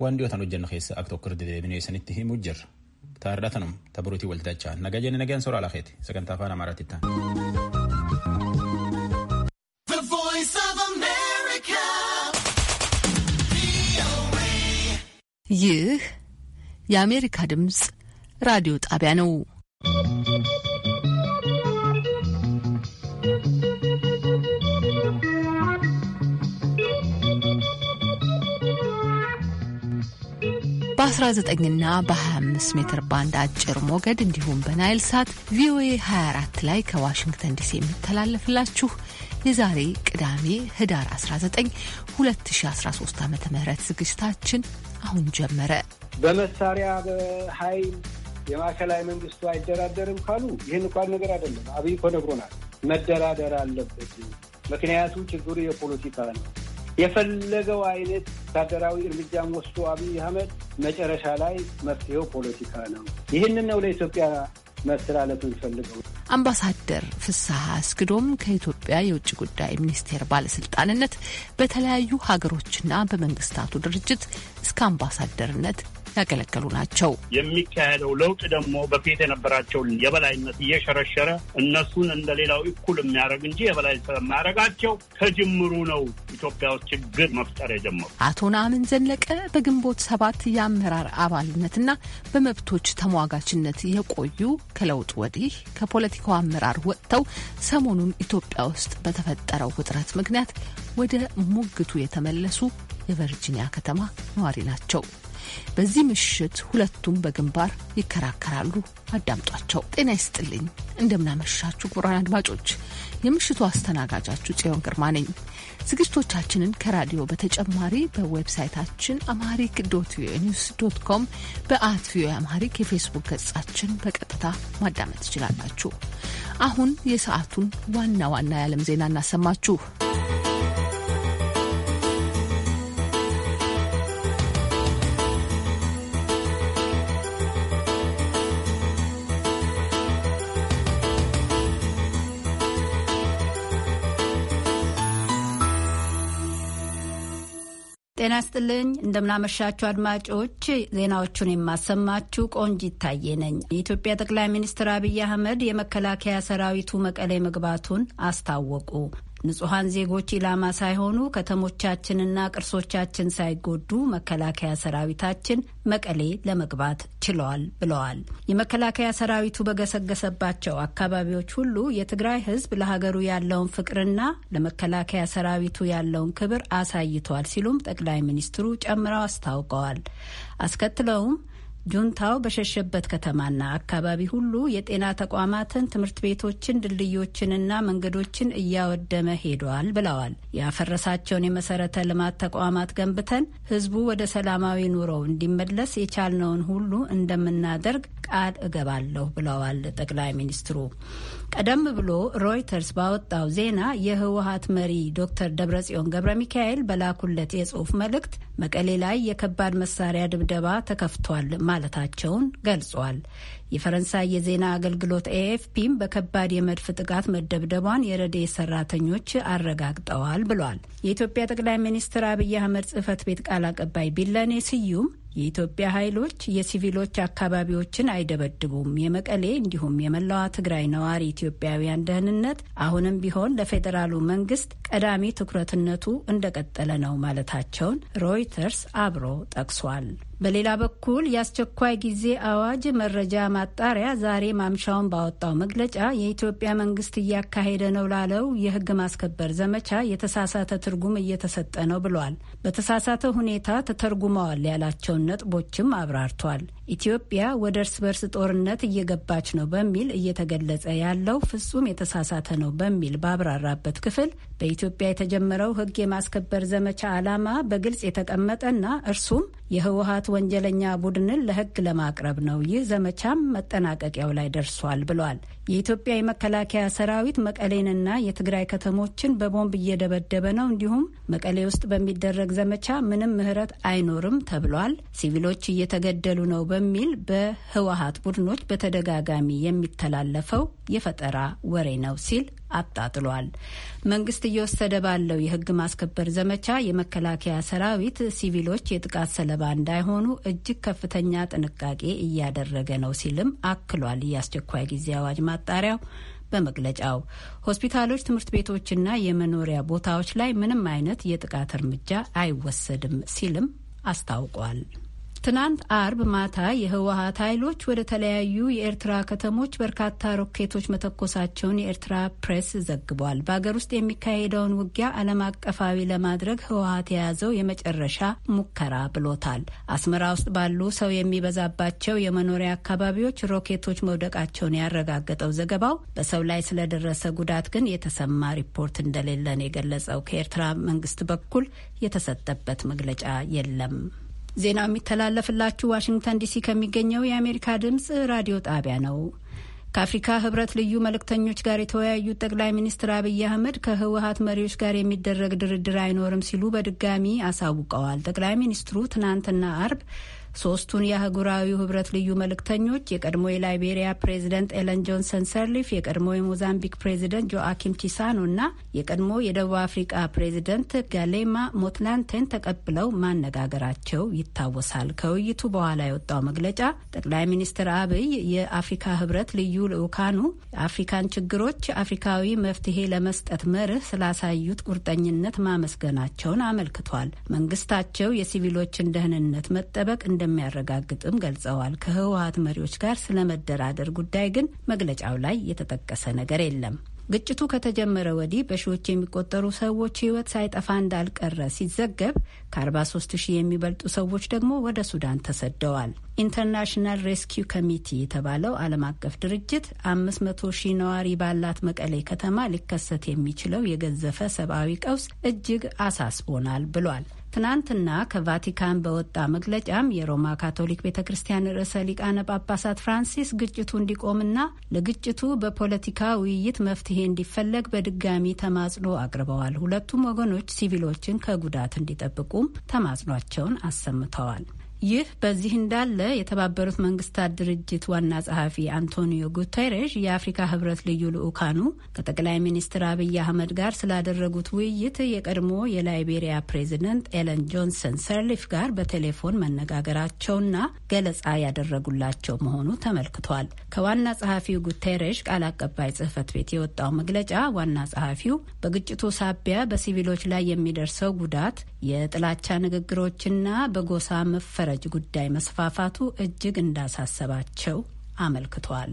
Waan dhiyootaan hojjennu keessa akka tokko irratti deebinee isinitti himuu jirra. Ta'a hir'atanum tabiruutii waltajjaa. Nagaa jenni nagaan suuraa laafeeti. Sagantaa afaan Amaaraatti ta'a. ይህ የአሜሪካ ድምፅ ራዲዮ ጣቢያ ነው። በ19ና በ25 ሜትር ባንድ አጭር ሞገድ እንዲሁም በናይል ሳት ቪኦኤ 24 ላይ ከዋሽንግተን ዲሲ የሚተላለፍላችሁ የዛሬ ቅዳሜ ህዳር 19 2013 ዓ ም ዝግጅታችን አሁን ጀመረ። በመሳሪያ በኃይል የማዕከላዊ መንግስቱ አይደራደርም ካሉ ይህን እንኳን ነገር አይደለም። አብይ እኮ ነግሮናል። መደራደር አለበት፣ ምክንያቱ ችግሩ የፖለቲካ ነው። የፈለገው አይነት ወታደራዊ እርምጃም ወስዶ አብይ አህመድ መጨረሻ ላይ መፍትሄው ፖለቲካ ነው። ይህንን ነው ለኢትዮጵያ መስላለት ንፈልገው። አምባሳደር ፍስሐ አስግዶም ከኢትዮጵያ የውጭ ጉዳይ ሚኒስቴር ባለስልጣንነት በተለያዩ ሀገሮችና በመንግስታቱ ድርጅት እስከ አምባሳደርነት ያገለገሉ ናቸው። የሚካሄደው ለውጥ ደግሞ በፊት የነበራቸውን የበላይነት እየሸረሸረ እነሱን እንደ ሌላው እኩል የሚያደርግ እንጂ የበላይ ስለማያደርጋቸው ከጅምሩ ነው ኢትዮጵያ ውስጥ ችግር መፍጠር የጀመሩ። አቶ ነአምን ዘለቀ በግንቦት ሰባት የአመራር አባልነትና በመብቶች ተሟጋችነት የቆዩ ከለውጥ ወዲህ ከፖለቲካው አመራር ወጥተው ሰሞኑን ኢትዮጵያ ውስጥ በተፈጠረው ውጥረት ምክንያት ወደ ሙግቱ የተመለሱ የቨርጂኒያ ከተማ ነዋሪ ናቸው። በዚህ ምሽት ሁለቱም በግንባር ይከራከራሉ። አዳምጧቸው። ጤና ይስጥልኝ። እንደምናመሻችሁ ክቡራን አድማጮች፣ የምሽቱ አስተናጋጃችሁ ጽዮን ግርማ ነኝ። ዝግጅቶቻችንን ከራዲዮ በተጨማሪ በዌብሳይታችን አማሪክ ዶት ቪኦኤ ኒውስ ዶት ኮም፣ በአት ቪኦኤ አማሪክ የፌስቡክ ገጻችን በቀጥታ ማዳመጥ ትችላላችሁ። አሁን የሰዓቱን ዋና ዋና የዓለም ዜና እናሰማችሁ። ጤና ስጥልኝ። እንደምናመሻችሁ አድማጮች፣ ዜናዎቹን የማሰማችሁ ቆንጅ ይታየ ነኝ። የኢትዮጵያ ጠቅላይ ሚኒስትር አብይ አህመድ የመከላከያ ሰራዊቱ መቀሌ መግባቱን አስታወቁ። ንጹሐን ዜጎች ኢላማ ሳይሆኑ ከተሞቻችንና ቅርሶቻችን ሳይጎዱ መከላከያ ሰራዊታችን መቀሌ ለመግባት ችለዋል ብለዋል። የመከላከያ ሰራዊቱ በገሰገሰባቸው አካባቢዎች ሁሉ የትግራይ ሕዝብ ለሀገሩ ያለውን ፍቅርና ለመከላከያ ሰራዊቱ ያለውን ክብር አሳይቷል ሲሉም ጠቅላይ ሚኒስትሩ ጨምረው አስታውቀዋል። አስከትለውም ጁንታው በሸሸበት ከተማና አካባቢ ሁሉ የጤና ተቋማትን፣ ትምህርት ቤቶችን፣ ድልድዮችንና መንገዶችን እያወደመ ሄደዋል ብለዋል። ያፈረሳቸውን የመሰረተ ልማት ተቋማት ገንብተን ህዝቡ ወደ ሰላማዊ ኑሮው እንዲመለስ የቻልነውን ሁሉ እንደምናደርግ ቃል እገባለሁ ብለዋል ጠቅላይ ሚኒስትሩ። ቀደም ብሎ ሮይተርስ ባወጣው ዜና የህወሀት መሪ ዶክተር ደብረጽዮን ገብረ ሚካኤል በላኩለት የጽሁፍ መልእክት መቀሌ ላይ የከባድ መሳሪያ ድብደባ ተከፍቷል ማለታቸውን ገልጿል። የፈረንሳይ የዜና አገልግሎት ኤኤፍፒም በከባድ የመድፍ ጥቃት መደብደቧን የረዴ ሰራተኞች አረጋግጠዋል ብሏል። የኢትዮጵያ ጠቅላይ ሚኒስትር አብይ አህመድ ጽህፈት ቤት ቃል አቀባይ ቢለኔ ስዩም የኢትዮጵያ ኃይሎች የሲቪሎች አካባቢዎችን አይደበድቡም፣ የመቀሌ እንዲሁም የመላዋ ትግራይ ነዋሪ ኢትዮጵያውያን ደህንነት አሁንም ቢሆን ለፌዴራሉ መንግስት ቀዳሚ ትኩረትነቱ እንደቀጠለ ነው ማለታቸውን ሮይተርስ አብሮ ጠቅሷል። በሌላ በኩል የአስቸኳይ ጊዜ አዋጅ መረጃ ማጣሪያ ዛሬ ማምሻውን ባወጣው መግለጫ የኢትዮጵያ መንግስት እያካሄደ ነው ላለው የህግ ማስከበር ዘመቻ የተሳሳተ ትርጉም እየተሰጠ ነው ብሏል። በተሳሳተ ሁኔታ ተተርጉመዋል ያላቸውን ነጥቦችም አብራርቷል። ኢትዮጵያ ወደ እርስ በርስ ጦርነት እየገባች ነው በሚል እየተገለጸ ያለው ፍጹም የተሳሳተ ነው በሚል ባብራራበት ክፍል በኢትዮጵያ የተጀመረው ሕግ የማስከበር ዘመቻ ዓላማ በግልጽ የተቀመጠና እርሱም የህወሀት ወንጀለኛ ቡድንን ለሕግ ለማቅረብ ነው። ይህ ዘመቻም መጠናቀቂያው ላይ ደርሷል ብሏል። የኢትዮጵያ የመከላከያ ሰራዊት መቀሌንና የትግራይ ከተሞችን በቦምብ እየደበደበ ነው፣ እንዲሁም መቀሌ ውስጥ በሚደረግ ዘመቻ ምንም ምህረት አይኖርም ተብሏል፣ ሲቪሎች እየተገደሉ ነው በሚል በህወሀት ቡድኖች በተደጋጋሚ የሚተላለፈው የፈጠራ ወሬ ነው ሲል አጣጥሏል። መንግስት እየወሰደ ባለው የህግ ማስከበር ዘመቻ የመከላከያ ሰራዊት ሲቪሎች የጥቃት ሰለባ እንዳይሆኑ እጅግ ከፍተኛ ጥንቃቄ እያደረገ ነው ሲልም አክሏል። የአስቸኳይ ጊዜ አዋጅ ማጣሪያው በመግለጫው ሆስፒታሎች፣ ትምህርት ቤቶችና የመኖሪያ ቦታዎች ላይ ምንም አይነት የጥቃት እርምጃ አይወሰድም ሲልም አስታውቋል። ትናንት አርብ ማታ የህወሀት ኃይሎች ወደ ተለያዩ የኤርትራ ከተሞች በርካታ ሮኬቶች መተኮሳቸውን የኤርትራ ፕሬስ ዘግቧል። በሀገር ውስጥ የሚካሄደውን ውጊያ ዓለም አቀፋዊ ለማድረግ ህወሀት የያዘው የመጨረሻ ሙከራ ብሎታል። አስመራ ውስጥ ባሉ ሰው የሚበዛባቸው የመኖሪያ አካባቢዎች ሮኬቶች መውደቃቸውን ያረጋገጠው ዘገባው በሰው ላይ ስለደረሰ ጉዳት ግን የተሰማ ሪፖርት እንደሌለን የገለጸው ከኤርትራ መንግስት በኩል የተሰጠበት መግለጫ የለም። ዜናው የሚተላለፍላችሁ ዋሽንግተን ዲሲ ከሚገኘው የአሜሪካ ድምፅ ራዲዮ ጣቢያ ነው። ከአፍሪካ ህብረት ልዩ መልእክተኞች ጋር የተወያዩት ጠቅላይ ሚኒስትር አብይ አህመድ ከህወሀት መሪዎች ጋር የሚደረግ ድርድር አይኖርም ሲሉ በድጋሚ አሳውቀዋል። ጠቅላይ ሚኒስትሩ ትናንትና አርብ ሶስቱን የአህጉራዊው ህብረት ልዩ መልእክተኞች የቀድሞ የላይቤሪያ ፕሬዚደንት ኤለን ጆንሰን ሰርሊፍ፣ የቀድሞ የሞዛምቢክ ፕሬዚደንት ጆአኪም ቺሳኖ እና የቀድሞ የደቡብ አፍሪቃ ፕሬዚደንት ጋሌማ ሞትላንቴን ተቀብለው ማነጋገራቸው ይታወሳል። ከውይይቱ በኋላ የወጣው መግለጫ ጠቅላይ ሚኒስትር አብይ የአፍሪካ ህብረት ልዩ ልኡካኑ የአፍሪካን ችግሮች አፍሪካዊ መፍትሄ ለመስጠት መርህ ስላሳዩት ቁርጠኝነት ማመስገናቸውን አመልክቷል። መንግስታቸው የሲቪሎችን ደህንነት መጠበቅ እንደ እንደሚያረጋግጥም ገልጸዋል። ከህወሀት መሪዎች ጋር ስለ መደራደር ጉዳይ ግን መግለጫው ላይ የተጠቀሰ ነገር የለም። ግጭቱ ከተጀመረ ወዲህ በሺዎች የሚቆጠሩ ሰዎች ህይወት ሳይጠፋ እንዳልቀረ ሲዘገብ ከ43 ሺህ የሚበልጡ ሰዎች ደግሞ ወደ ሱዳን ተሰደዋል። ኢንተርናሽናል ሬስኪው ኮሚቲ የተባለው ዓለም አቀፍ ድርጅት 500 ሺህ ነዋሪ ባላት መቀሌ ከተማ ሊከሰት የሚችለው የገዘፈ ሰብአዊ ቀውስ እጅግ አሳስቦናል ብሏል። ትናንትና ከቫቲካን በወጣ መግለጫም የሮማ ካቶሊክ ቤተ ክርስቲያን ርዕሰ ሊቃነ ጳጳሳት ፍራንሲስ ግጭቱ እንዲቆምና ለግጭቱ በፖለቲካ ውይይት መፍትሄ እንዲፈለግ በድጋሚ ተማጽኖ አቅርበዋል። ሁለቱም ወገኖች ሲቪሎችን ከጉዳት እንዲጠብቁም ተማጽኗቸውን አሰምተዋል። ይህ በዚህ እንዳለ የተባበሩት መንግስታት ድርጅት ዋና ጸሐፊ አንቶኒዮ ጉተሬዥ የአፍሪካ ህብረት ልዩ ልዑካኑ ከጠቅላይ ሚኒስትር አብይ አህመድ ጋር ስላደረጉት ውይይት የቀድሞ የላይቤሪያ ፕሬዚደንት ኤለን ጆንሰን ሰርሊፍ ጋር በቴሌፎን መነጋገራቸውና ገለጻ ያደረጉላቸው መሆኑ ተመልክቷል። ከዋና ጸሐፊው ጉተሬዥ ቃል አቀባይ ጽህፈት ቤት የወጣው መግለጫ ዋና ጸሐፊው በግጭቱ ሳቢያ በሲቪሎች ላይ የሚደርሰው ጉዳት የጥላቻ ንግግሮችና በጎሳ መፈ የፈረጅ ጉዳይ መስፋፋቱ እጅግ እንዳሳሰባቸው አመልክቷል።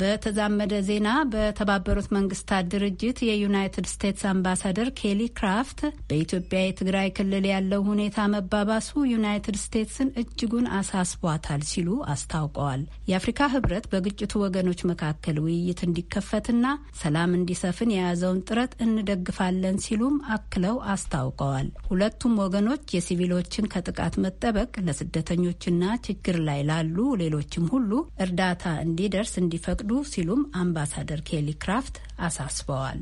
በተዛመደ ዜና በተባበሩት መንግስታት ድርጅት የዩናይትድ ስቴትስ አምባሳደር ኬሊ ክራፍት በኢትዮጵያ የትግራይ ክልል ያለው ሁኔታ መባባሱ ዩናይትድ ስቴትስን እጅጉን አሳስቧታል ሲሉ አስታውቀዋል። የአፍሪካ ህብረት በግጭቱ ወገኖች መካከል ውይይት እንዲከፈትና ሰላም እንዲሰፍን የያዘውን ጥረት እንደግፋለን ሲሉም አክለው አስታውቀዋል። ሁለቱም ወገኖች የሲቪሎችን ከጥቃት መጠበቅ ለስደተኞችና ችግር ላይ ላሉ ሌሎችም ሁሉ እርዳታ እንዲደርስ እንዲፈቅዱ ቢፈቅዱ ሲሉም አምባሳደር ኬሊ ክራፍት አሳስበዋል።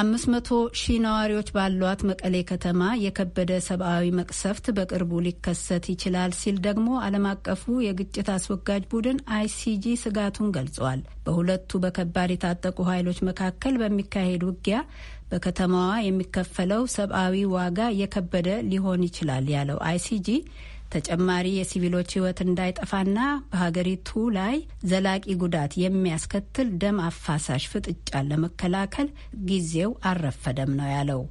አምስት መቶ ሺህ ነዋሪዎች ባሏት መቀሌ ከተማ የከበደ ሰብአዊ መቅሰፍት በቅርቡ ሊከሰት ይችላል ሲል ደግሞ ዓለም አቀፉ የግጭት አስወጋጅ ቡድን አይሲጂ ስጋቱን ገልጿል። በሁለቱ በከባድ የታጠቁ ኃይሎች መካከል በሚካሄድ ውጊያ በከተማዋ የሚከፈለው ሰብአዊ ዋጋ የከበደ ሊሆን ይችላል ያለው አይሲጂ ተጨማሪ የሲቪሎች ህይወት እንዳይጠፋና በሀገሪቱ ላይ ዘላቂ ጉዳት የሚያስከትል ደም አፋሳሽ ፍጥጫን ለመከላከል ጊዜው አልረፈደም ነው ያለው።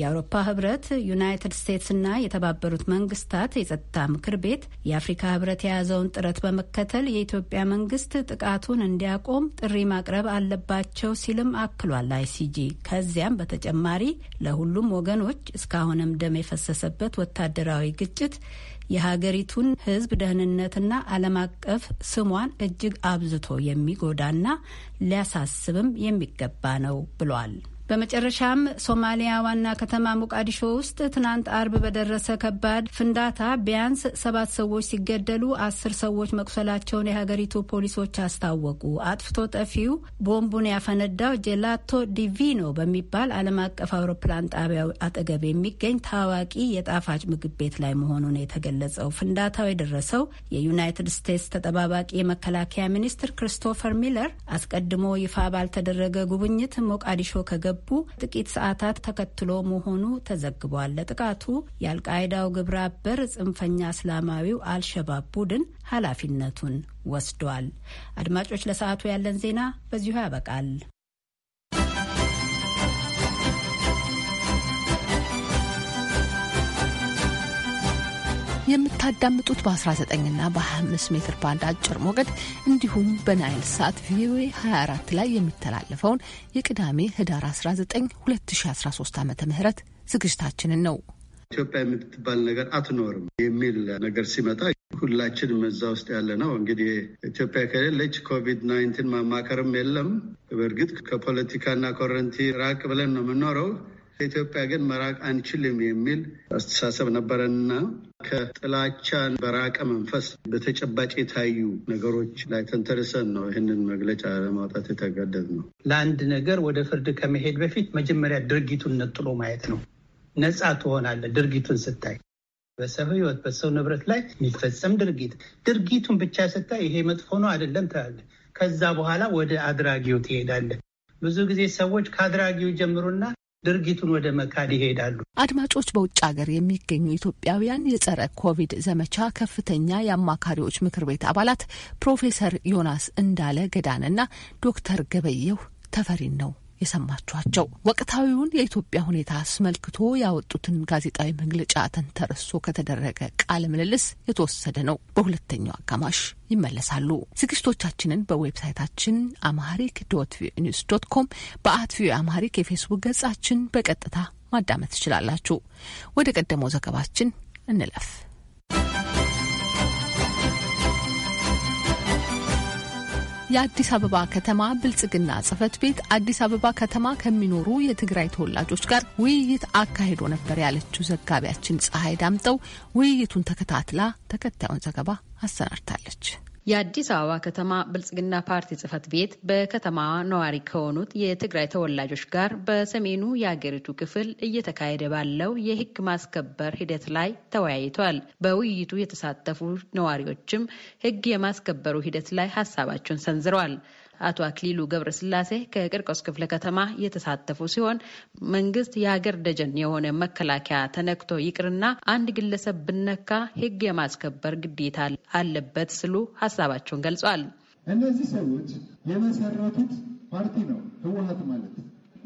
የአውሮፓ ህብረት፣ ዩናይትድ ስቴትስና የተባበሩት መንግስታት የጸጥታ ምክር ቤት የአፍሪካ ህብረት የያዘውን ጥረት በመከተል የኢትዮጵያ መንግስት ጥቃቱን እንዲያቆም ጥሪ ማቅረብ አለባቸው ሲልም አክሏል አይሲጂ። ከዚያም በተጨማሪ ለሁሉም ወገኖች እስካሁንም ደም የፈሰሰበት ወታደራዊ ግጭት የሀገሪቱን ሕዝብ ደህንነትና ዓለም አቀፍ ስሟን እጅግ አብዝቶ የሚጎዳና ሊያሳስብም የሚገባ ነው ብሏል። በመጨረሻም ሶማሊያ ዋና ከተማ ሞቃዲሾ ውስጥ ትናንት አርብ በደረሰ ከባድ ፍንዳታ ቢያንስ ሰባት ሰዎች ሲገደሉ አስር ሰዎች መቁሰላቸውን የሀገሪቱ ፖሊሶች አስታወቁ። አጥፍቶ ጠፊው ቦምቡን ያፈነዳው ጄላቶ ዲቪኖ በሚባል ዓለም አቀፍ አውሮፕላን ጣቢያው አጠገብ የሚገኝ ታዋቂ የጣፋጭ ምግብ ቤት ላይ መሆኑን የተገለጸው ፍንዳታው የደረሰው የዩናይትድ ስቴትስ ተጠባባቂ የመከላከያ ሚኒስትር ክሪስቶፈር ሚለር አስቀድሞ ይፋ ባልተደረገ ጉብኝት ሞቃዲሾ ከገ ከገቡ ጥቂት ሰዓታት ተከትሎ መሆኑ ተዘግቧል። ለጥቃቱ የአልቃይዳው ግብረ አበር ጽንፈኛ እስላማዊው አልሸባብ ቡድን ኃላፊነቱን ወስዷል። አድማጮች፣ ለሰዓቱ ያለን ዜና በዚሁ ያበቃል። የምታዳምጡት በ19ና በ25 ሜትር ባንድ አጭር ሞገድ እንዲሁም በናይል ሳት ቪኦኤ 24 ላይ የሚተላለፈውን የቅዳሜ ህዳር 19 2013 ዓ ም ዝግጅታችንን ነው። ኢትዮጵያ የምትባል ነገር አትኖርም የሚል ነገር ሲመጣ ሁላችንም እዛ ውስጥ ያለ ነው። እንግዲህ ኢትዮጵያ ከሌለች ኮቪድ ናይንቲን ማማከርም የለም። በእርግጥ ከፖለቲካና ኮረንቲ ራቅ ብለን ነው የምኖረው። ከኢትዮጵያ ግን መራቅ አንችልም የሚል አስተሳሰብ ነበረና ከጥላቻን በራቀ መንፈስ በተጨባጭ የታዩ ነገሮች ላይ ተንተርሰን ነው ይህንን መግለጫ ለማውጣት የተጋደድ ነው። ለአንድ ነገር ወደ ፍርድ ከመሄድ በፊት መጀመሪያ ድርጊቱን ነጥሎ ማየት ነው። ነፃ ትሆናለህ ድርጊቱን ስታይ በሰው ሕይወት በሰው ንብረት ላይ የሚፈጸም ድርጊት ድርጊቱን ብቻ ስታይ ይሄ መጥፎ ነው አይደለም ትላለህ። ከዛ በኋላ ወደ አድራጊው ትሄዳለህ። ብዙ ጊዜ ሰዎች ከአድራጊው ጀምሩና ድርጊቱን ወደ መካድ ይሄዳሉ። አድማጮች፣ በውጭ ሀገር የሚገኙ ኢትዮጵያውያን የጸረ ኮቪድ ዘመቻ ከፍተኛ የአማካሪዎች ምክር ቤት አባላት ፕሮፌሰር ዮናስ እንዳለ ገዳንና ዶክተር ገበየሁ ተፈሪን ነው የሰማችኋቸው። ወቅታዊውን የኢትዮጵያ ሁኔታ አስመልክቶ ያወጡትን ጋዜጣዊ መግለጫ ተንተርሶ ከተደረገ ቃለ ምልልስ የተወሰደ ነው። በሁለተኛው አጋማሽ ይመለሳሉ። ዝግጅቶቻችንን በዌብሳይታችን አማሪክ ዶት ቪኦኤ ኒውስ ዶት ኮም፣ በአት ቪኦኤ አማሪክ የፌስቡክ ገጻችን በቀጥታ ማዳመጥ ትችላላችሁ። ወደ ቀደመው ዘገባችን እንለፍ። የአዲስ አበባ ከተማ ብልጽግና ጽህፈት ቤት አዲስ አበባ ከተማ ከሚኖሩ የትግራይ ተወላጆች ጋር ውይይት አካሂዶ ነበር ያለችው ዘጋቢያችን ፀሐይ ዳምጠው ውይይቱን ተከታትላ ተከታዩን ዘገባ አሰናድታለች። የአዲስ አበባ ከተማ ብልጽግና ፓርቲ ጽህፈት ቤት በከተማዋ ነዋሪ ከሆኑት የትግራይ ተወላጆች ጋር በሰሜኑ የአገሪቱ ክፍል እየተካሄደ ባለው የህግ ማስከበር ሂደት ላይ ተወያይቷል። በውይይቱ የተሳተፉ ነዋሪዎችም ህግ የማስከበሩ ሂደት ላይ ሀሳባቸውን ሰንዝረዋል። አቶ አክሊሉ ገብረስላሴ ከቂርቆስ ክፍለ ከተማ የተሳተፉ ሲሆን መንግስት የሀገር ደጀን የሆነ መከላከያ ተነክቶ ይቅርና አንድ ግለሰብ ብነካ ህግ የማስከበር ግዴታ አለበት ስሉ ሀሳባቸውን ገልጿል። እነዚህ ሰዎች የመሰረቱት ፓርቲ ነው ህወሀት ማለት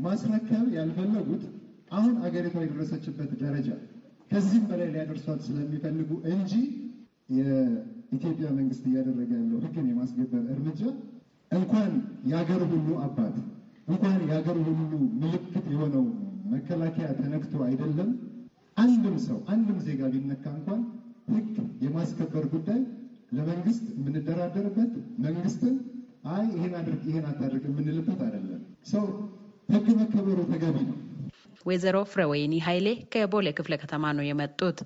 ማስረከብ ያልፈለጉት አሁን አገሪቷ የደረሰችበት ደረጃ ከዚህም በላይ ሊያደርሷት ስለሚፈልጉ እንጂ የኢትዮጵያ መንግስት እያደረገ ያለው ህግን የማስገበር እርምጃ እንኳን የሀገር ሁሉ አባት እንኳን የሀገር ሁሉ ምልክት የሆነው መከላከያ ተነክቶ አይደለም አንድም ሰው አንድም ዜጋ ቢነካ እንኳን ህግ የማስከበር ጉዳይ ለመንግስት የምንደራደርበት መንግስትን አይ ይሄን አድርግ ይሄን አታድርግ የምንልበት አይደለም። ሰው ህግ መከበሩ ተገቢ ነው። ወይዘሮ ፍረወይኒ ኃይሌ ከቦሌ ክፍለ ከተማ ነው የመጡት።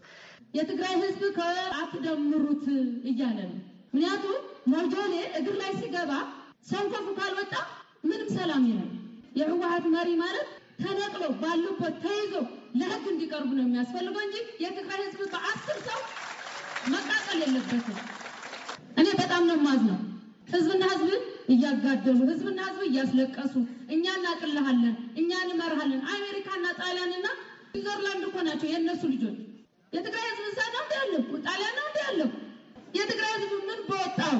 የትግራይ ህዝብ ከአትደምሩት እያለ ነው። ምክንያቱም ሞጆሌ እግር ላይ ሲገባ ሰንፈፉ ካልወጣ ምንም ሰላም የለም። የህወሀት መሪ ማለት ተነቅሎ ባሉበት ተይዞ ለህግ እንዲቀርቡ ነው የሚያስፈልገው እንጂ የትግራይ ህዝብ በአስር ሰው መቃጠል የለበትም። እኔ በጣም ነው የማዝነው። ህዝብና ህዝብ እያጋደሉ ህዝብና ህዝብ እያስለቀሱ እኛ እናቅልሃለን፣ እኛ እንመርሃለን። አሜሪካና ጣሊያንና ስዊዘርላንድ እኮ ናቸው የእነሱ ልጆች። የትግራይ ህዝብ እንሳ ነው እንዲ ያለው ጣሊያን ነው እንዲ ያለው የትግራይ ህዝብ ምን በወጣው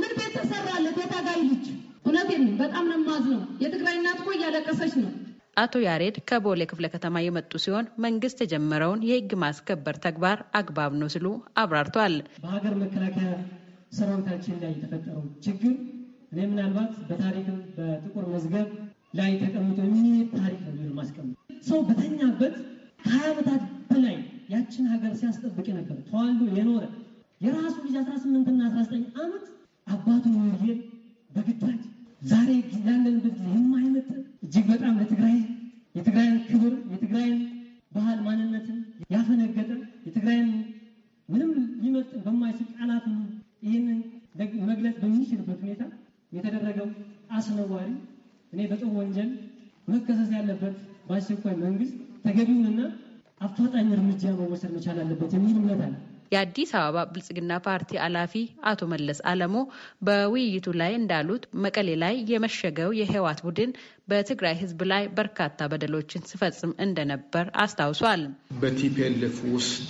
ምን ቤት ተሰራለት የታጋይ ልጅ? እውነቴን ነው። በጣም ነው የማዝነው። የትግራይ እናት እኮ እያለቀሰች ነው። አቶ ያሬድ ከቦሌ ክፍለ ከተማ የመጡ ሲሆን መንግስት የጀመረውን የህግ ማስከበር ተግባር አግባብ ነው ሲሉ አብራርተዋል። በሀገር መከላከያ ሰራዊታችን ላይ የተፈጠረው ችግር እኔ ምናልባት በታሪክም በጥቁር መዝገብ ላይ ተቀምጦ የሚሄድ ታሪክ ነው ማስቀመጥ ሰው በተኛበት ከሀያ ዓመታት በላይ ያችን ሀገር ሲያስጠብቅ የነበረ ተዋልዶ የኖረ የራሱ ልጅ አስራ ስምንትና አስራ ዘጠኝ ዓመት አባቱ ወልዴን በግዳጅ ዛሬ ያለንበት ጊዜ የማይመጥን እጅግ በጣም ለትግራይ የትግራይን ክብር የትግራይን ባህል ማንነትን ያፈነገጠ የትግራይን ምንም ሊመጥን በማይችል ቃላት ይህንን መግለጽ በሚችልበት ሁኔታ የተደረገው አስነዋሪ እኔ በጦር ወንጀል መከሰስ ያለበት በአስቸኳይ መንግስት ተገቢውንና አፋጣኝ እርምጃ መወሰድ መቻል አለበት የሚል እምነት አለ። የአዲስ አበባ ብልጽግና ፓርቲ ኃላፊ አቶ መለስ አለሞ በውይይቱ ላይ እንዳሉት መቀሌ ላይ የመሸገው የህወሓት ቡድን በትግራይ ህዝብ ላይ በርካታ በደሎችን ሲፈጽም እንደነበር አስታውሷል። በቲፒኤልኤፍ ውስጥ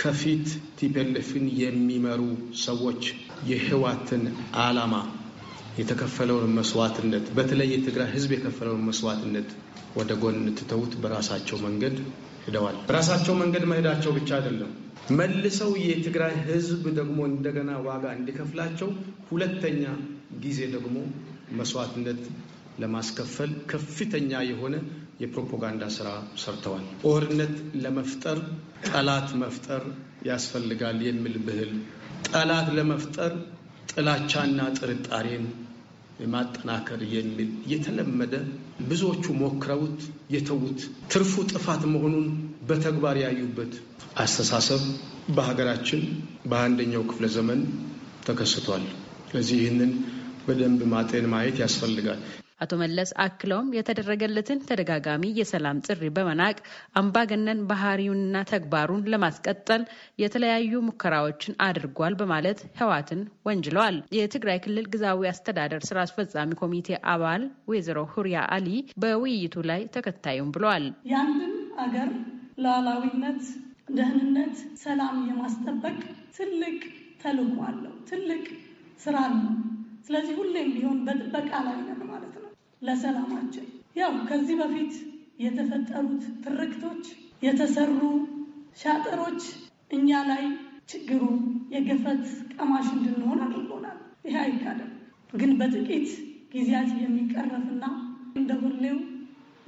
ከፊት ቲፒኤልኤፍን የሚመሩ ሰዎች የህወሓትን አላማ የተከፈለውን መስዋዕትነት በተለይ የትግራይ ህዝብ የከፈለውን መስዋዕትነት ወደ ጎን ትተውት በራሳቸው መንገድ ሄደዋል። በራሳቸው መንገድ መሄዳቸው ብቻ አይደለም መልሰው የትግራይ ህዝብ ደግሞ እንደገና ዋጋ እንዲከፍላቸው ሁለተኛ ጊዜ ደግሞ መስዋዕትነት ለማስከፈል ከፍተኛ የሆነ የፕሮፓጋንዳ ስራ ሰርተዋል። ጦርነት ለመፍጠር ጠላት መፍጠር ያስፈልጋል የሚል ብህል ጠላት ለመፍጠር ጥላቻና ጥርጣሬን ማጠናከር የሚል የተለመደ ብዙዎቹ ሞክረውት የተዉት ትርፉ ጥፋት መሆኑን በተግባር ያዩበት አስተሳሰብ በሀገራችን በአንደኛው ክፍለ ዘመን ተከስቷል። ስለዚህ ይህንን በደንብ ማጤን ማየት ያስፈልጋል። አቶ መለስ አክለውም የተደረገለትን ተደጋጋሚ የሰላም ጥሪ በመናቅ አምባገነን ባህሪውንና ተግባሩን ለማስቀጠል የተለያዩ ሙከራዎችን አድርጓል በማለት ህዋትን ወንጅለዋል። የትግራይ ክልል ግዛዊ አስተዳደር ስራ አስፈጻሚ ኮሚቴ አባል ወይዘሮ ሁሪያ አሊ በውይይቱ ላይ ተከታዩም ብለዋል። የአንድን አገር ሉዓላዊነት፣ ደህንነት፣ ሰላም የማስጠበቅ ትልቅ ተልዕኮ አለው። ትልቅ ስራ ነው። ስለዚህ ሁሌም ቢሆን በጥበቃ ላይ ነን ማለት ነው። ለሰላማችን ያው ከዚህ በፊት የተፈጠሩት ትርክቶች፣ የተሰሩ ሻጥሮች እኛ ላይ ችግሩ የገፈት ቀማሽ እንድንሆን አድርጎናል። ይህ አይካደም፣ ግን በጥቂት ጊዜያት የሚቀረፍና እንደ ሁሌው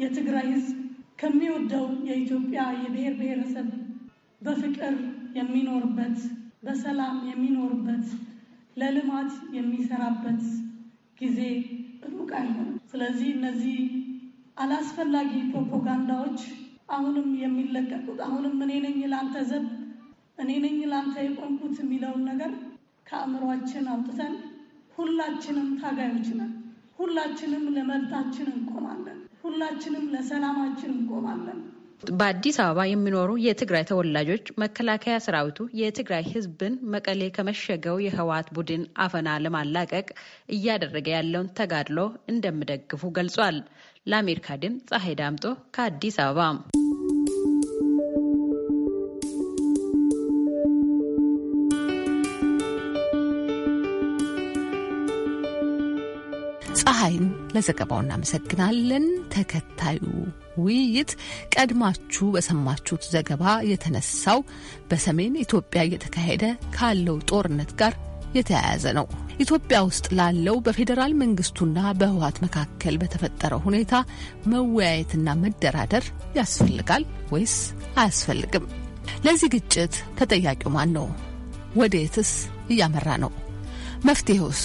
የትግራይ ሕዝብ ከሚወደው የኢትዮጵያ የብሔር ብሔረሰብ በፍቅር የሚኖርበት በሰላም የሚኖርበት ለልማት የሚሰራበት ጊዜ ሩቅ አይሆንም። ስለዚህ እነዚህ አላስፈላጊ ፕሮፓጋንዳዎች አሁንም የሚለቀቁት አሁንም እኔ ነኝ ለአንተ ዘብ እኔ ነኝ ለአንተ የቆምኩት የሚለውን ነገር ከአእምሯችን አውጥተን ሁላችንም ታጋዮች ነን። ሁላችንም ለመብታችን እንቆማለን። ሁላችንም ለሰላማችን እንቆማለን። በአዲስ አበባ የሚኖሩ የትግራይ ተወላጆች መከላከያ ሰራዊቱ የትግራይ ህዝብን መቀሌ ከመሸገው የህወሓት ቡድን አፈና ለማላቀቅ እያደረገ ያለውን ተጋድሎ እንደሚደግፉ ገልጿል። ለአሜሪካ ድምፅ ፀሐይ ዳምጦ ከአዲስ አበባ። ፀሐይን ለዘገባው እናመሰግናለን። ተከታዩ ውይይት ቀድማችሁ በሰማችሁት ዘገባ የተነሳው በሰሜን ኢትዮጵያ እየተካሄደ ካለው ጦርነት ጋር የተያያዘ ነው። ኢትዮጵያ ውስጥ ላለው በፌዴራል መንግስቱና በህወሀት መካከል በተፈጠረው ሁኔታ መወያየትና መደራደር ያስፈልጋል ወይስ አያስፈልግም? ለዚህ ግጭት ተጠያቂው ማን ነው? ወዴትስ እያመራ ነው? መፍትሄውስ?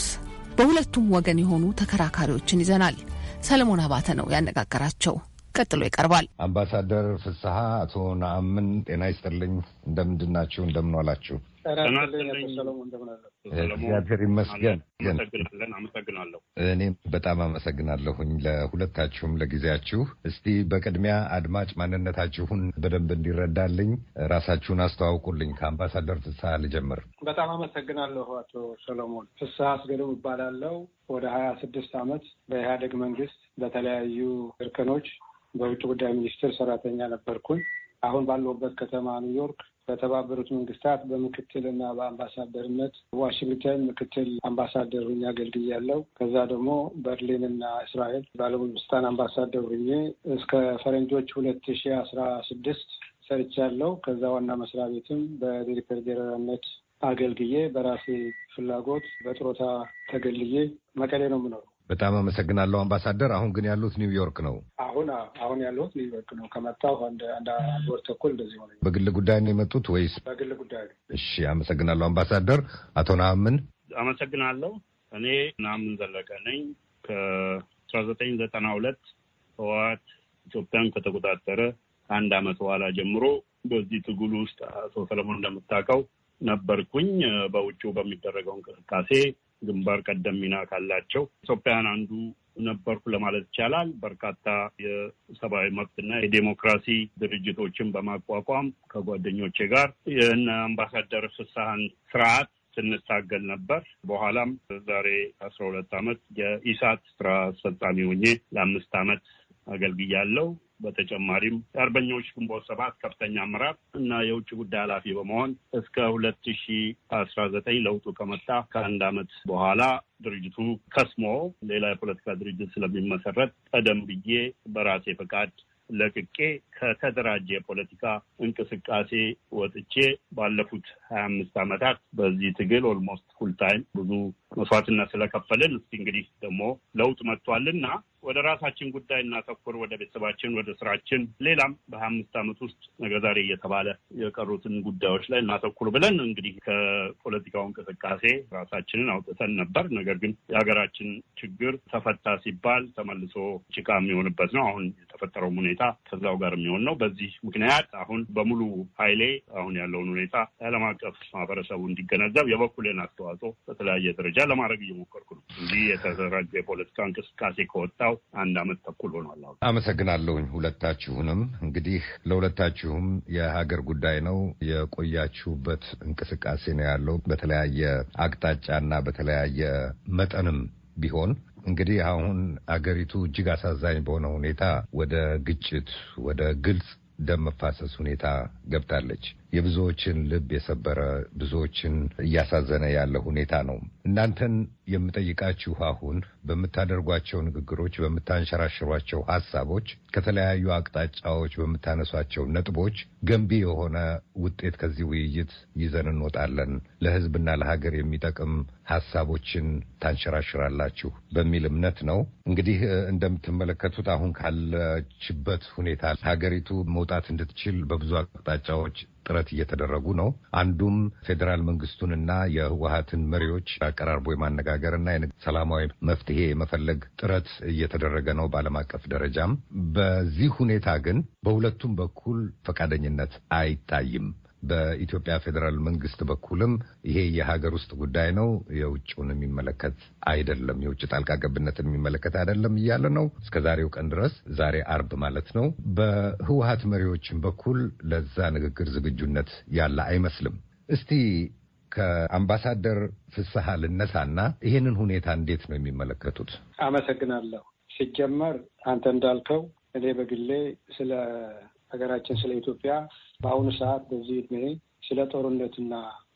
በሁለቱም ወገን የሆኑ ተከራካሪዎችን ይዘናል። ሰለሞን አባተ ነው ያነጋገራቸው። ቀጥሎ ይቀርባል። አምባሳደር ፍስሀ አቶ ነአምን ጤና ይስጥልኝ። እንደምንድናችሁ? እንደምን ዋላችሁ? እግዚአብሔር ይመስገን። አመሰግናለን። አመሰግናለሁ። እኔም በጣም አመሰግናለሁኝ ለሁለታችሁም ለጊዜያችሁ። እስቲ በቅድሚያ አድማጭ ማንነታችሁን በደንብ እንዲረዳልኝ ራሳችሁን አስተዋውቁልኝ። ከአምባሳደር ፍስሐ ልጀምር። በጣም አመሰግናለሁ አቶ ሰሎሞን። ፍስሐ አስገዶም እባላለሁ። ወደ ሀያ ስድስት ዓመት በኢህአደግ መንግስት በተለያዩ እርከኖች በውጭ ጉዳይ ሚኒስቴር ሰራተኛ ነበርኩኝ። አሁን ባለውበት ከተማ ኒውዮርክ በተባበሩት መንግስታት በምክትልና በአምባሳደርነት ዋሽንግተን ምክትል አምባሳደር ሁኜ አገልግያለሁ። ከዛ ደግሞ በርሊን በርሊንና እስራኤል ባለስልጣን አምባሳደር ሁኝ እስከ ፈረንጆች ሁለት ሺ አስራ ስድስት ሰርቻለሁ። ከዛ ዋና መስሪያ ቤትም በዲሬክተር ጀነራልነት አገልግዬ በራሴ ፍላጎት በጥሮታ ተገልዬ መቀሌ ነው የምኖረው። በጣም አመሰግናለሁ አምባሳደር። አሁን ግን ያሉት ኒውዮርክ ነው። አሁን አሁን ያለሁት ኒውዮርክ ነው። ከመጣሁ አንድ አንድ ወር ተኩል እንደዚህ ሆነ። በግል ጉዳይ ነው የመጡት ወይስ? በግል ጉዳይ እሺ፣ አመሰግናለሁ አምባሳደር። አቶ ናምን አመሰግናለሁ። እኔ ናምን ዘለቀ ነኝ። ከአስራ ዘጠኝ ዘጠና ሁለት ህወሓት ኢትዮጵያን ከተቆጣጠረ አንድ አመት በኋላ ጀምሮ በዚህ ትግል ውስጥ አቶ ሰለሞን እንደምታውቀው ነበርኩኝ። በውጭው በሚደረገው እንቅስቃሴ ግንባር ቀደም ሚና ካላቸው ኢትዮጵያውያን አንዱ ነበርኩ ለማለት ይቻላል። በርካታ የሰብአዊ መብትና የዴሞክራሲ ድርጅቶችን በማቋቋም ከጓደኞቼ ጋር የእነ አምባሳደር ፍስሀን ስርዓት ስንታገል ነበር። በኋላም ዛሬ አስራ ሁለት ዓመት የኢሳት ስራ አስፈጻሚ ሆኜ ለአምስት አመት አገልግያለሁ። በተጨማሪም የአርበኞች ግንቦት ሰባት ከፍተኛ አመራር እና የውጭ ጉዳይ ኃላፊ በመሆን እስከ ሁለት ሺ አስራ ዘጠኝ ለውጡ ከመጣ ከአንድ አመት በኋላ ድርጅቱ ከስሞ ሌላ የፖለቲካ ድርጅት ስለሚመሰረት ቀደም ብዬ በራሴ ፈቃድ ለቅቄ ከተደራጀ የፖለቲካ እንቅስቃሴ ወጥቼ ባለፉት ሀያ አምስት ዓመታት በዚህ ትግል ኦልሞስት ፉል ታይም ብዙ መስዋዕትነት ስለከፈልን እስቲ እንግዲህ ደግሞ ለውጥ መጥቷልና ወደ ራሳችን ጉዳይ እናተኩር፣ ወደ ቤተሰባችን፣ ወደ ስራችን፣ ሌላም በሀያ አምስት ዓመት ውስጥ ነገ ዛሬ እየተባለ የቀሩትን ጉዳዮች ላይ እናተኩር ብለን እንግዲህ ከፖለቲካው እንቅስቃሴ ራሳችንን አውጥተን ነበር። ነገር ግን የሀገራችን ችግር ተፈታ ሲባል ተመልሶ ጭቃ የሚሆንበት ነው። አሁን የተፈጠረውም ሁኔታ ከዛው ጋር የሚሆን ነው። በዚህ ምክንያት አሁን በሙሉ ኃይሌ አሁን ያለውን ሁኔታ የዓለም አቀፍ ማህበረሰቡ እንዲገነዘብ የበኩሌን አስተዋጽኦ በተለያየ ደረጃ ለማድረግ እየሞከርኩ ነው። እንዲህ የተደራጀ የፖለቲካ እንቅስቃሴ ከወጣ ከወጣው አንድ አመት ተኩል ሆኗል። አሁን አመሰግናለሁኝ ሁለታችሁንም። እንግዲህ ለሁለታችሁም የሀገር ጉዳይ ነው የቆያችሁበት እንቅስቃሴ ነው ያለው በተለያየ አቅጣጫና በተለያየ መጠንም ቢሆን እንግዲህ አሁን አገሪቱ እጅግ አሳዛኝ በሆነ ሁኔታ ወደ ግጭት፣ ወደ ግልጽ ደም መፋሰስ ሁኔታ ገብታለች። የብዙዎችን ልብ የሰበረ ብዙዎችን እያሳዘነ ያለ ሁኔታ ነው። እናንተን የምጠይቃችሁ አሁን በምታደርጓቸው ንግግሮች፣ በምታንሸራሽሯቸው ሀሳቦች፣ ከተለያዩ አቅጣጫዎች በምታነሷቸው ነጥቦች ገንቢ የሆነ ውጤት ከዚህ ውይይት ይዘን እንወጣለን፣ ለሕዝብና ለሀገር የሚጠቅም ሀሳቦችን ታንሸራሽራላችሁ በሚል እምነት ነው። እንግዲህ እንደምትመለከቱት አሁን ካለችበት ሁኔታ ሀገሪቱ መውጣት እንድትችል በብዙ አቅጣጫዎች ጥረት እየተደረጉ ነው። አንዱም ፌዴራል መንግስቱንና የህወሀትን መሪዎች አቀራርቦ የማነጋገርና ሰላማዊ መፍትሄ የመፈለግ ጥረት እየተደረገ ነው በዓለም አቀፍ ደረጃም። በዚህ ሁኔታ ግን በሁለቱም በኩል ፈቃደኝነት አይታይም። በኢትዮጵያ ፌዴራል መንግስት በኩልም ይሄ የሀገር ውስጥ ጉዳይ ነው፣ የውጭውን የሚመለከት አይደለም፣ የውጭ ጣልቃ ገብነትን የሚመለከት አይደለም እያለ ነው እስከ ዛሬው ቀን ድረስ። ዛሬ አርብ ማለት ነው። በህወሀት መሪዎችም በኩል ለዛ ንግግር ዝግጁነት ያለ አይመስልም። እስቲ ከአምባሳደር ፍስሐ ልነሳና ይህንን ሁኔታ እንዴት ነው የሚመለከቱት? አመሰግናለሁ። ሲጀመር አንተ እንዳልከው እኔ በግሌ ስለ ሀገራችን ስለ ኢትዮጵያ በአሁኑ ሰዓት በዚህ ዕድሜ ስለ ጦርነትና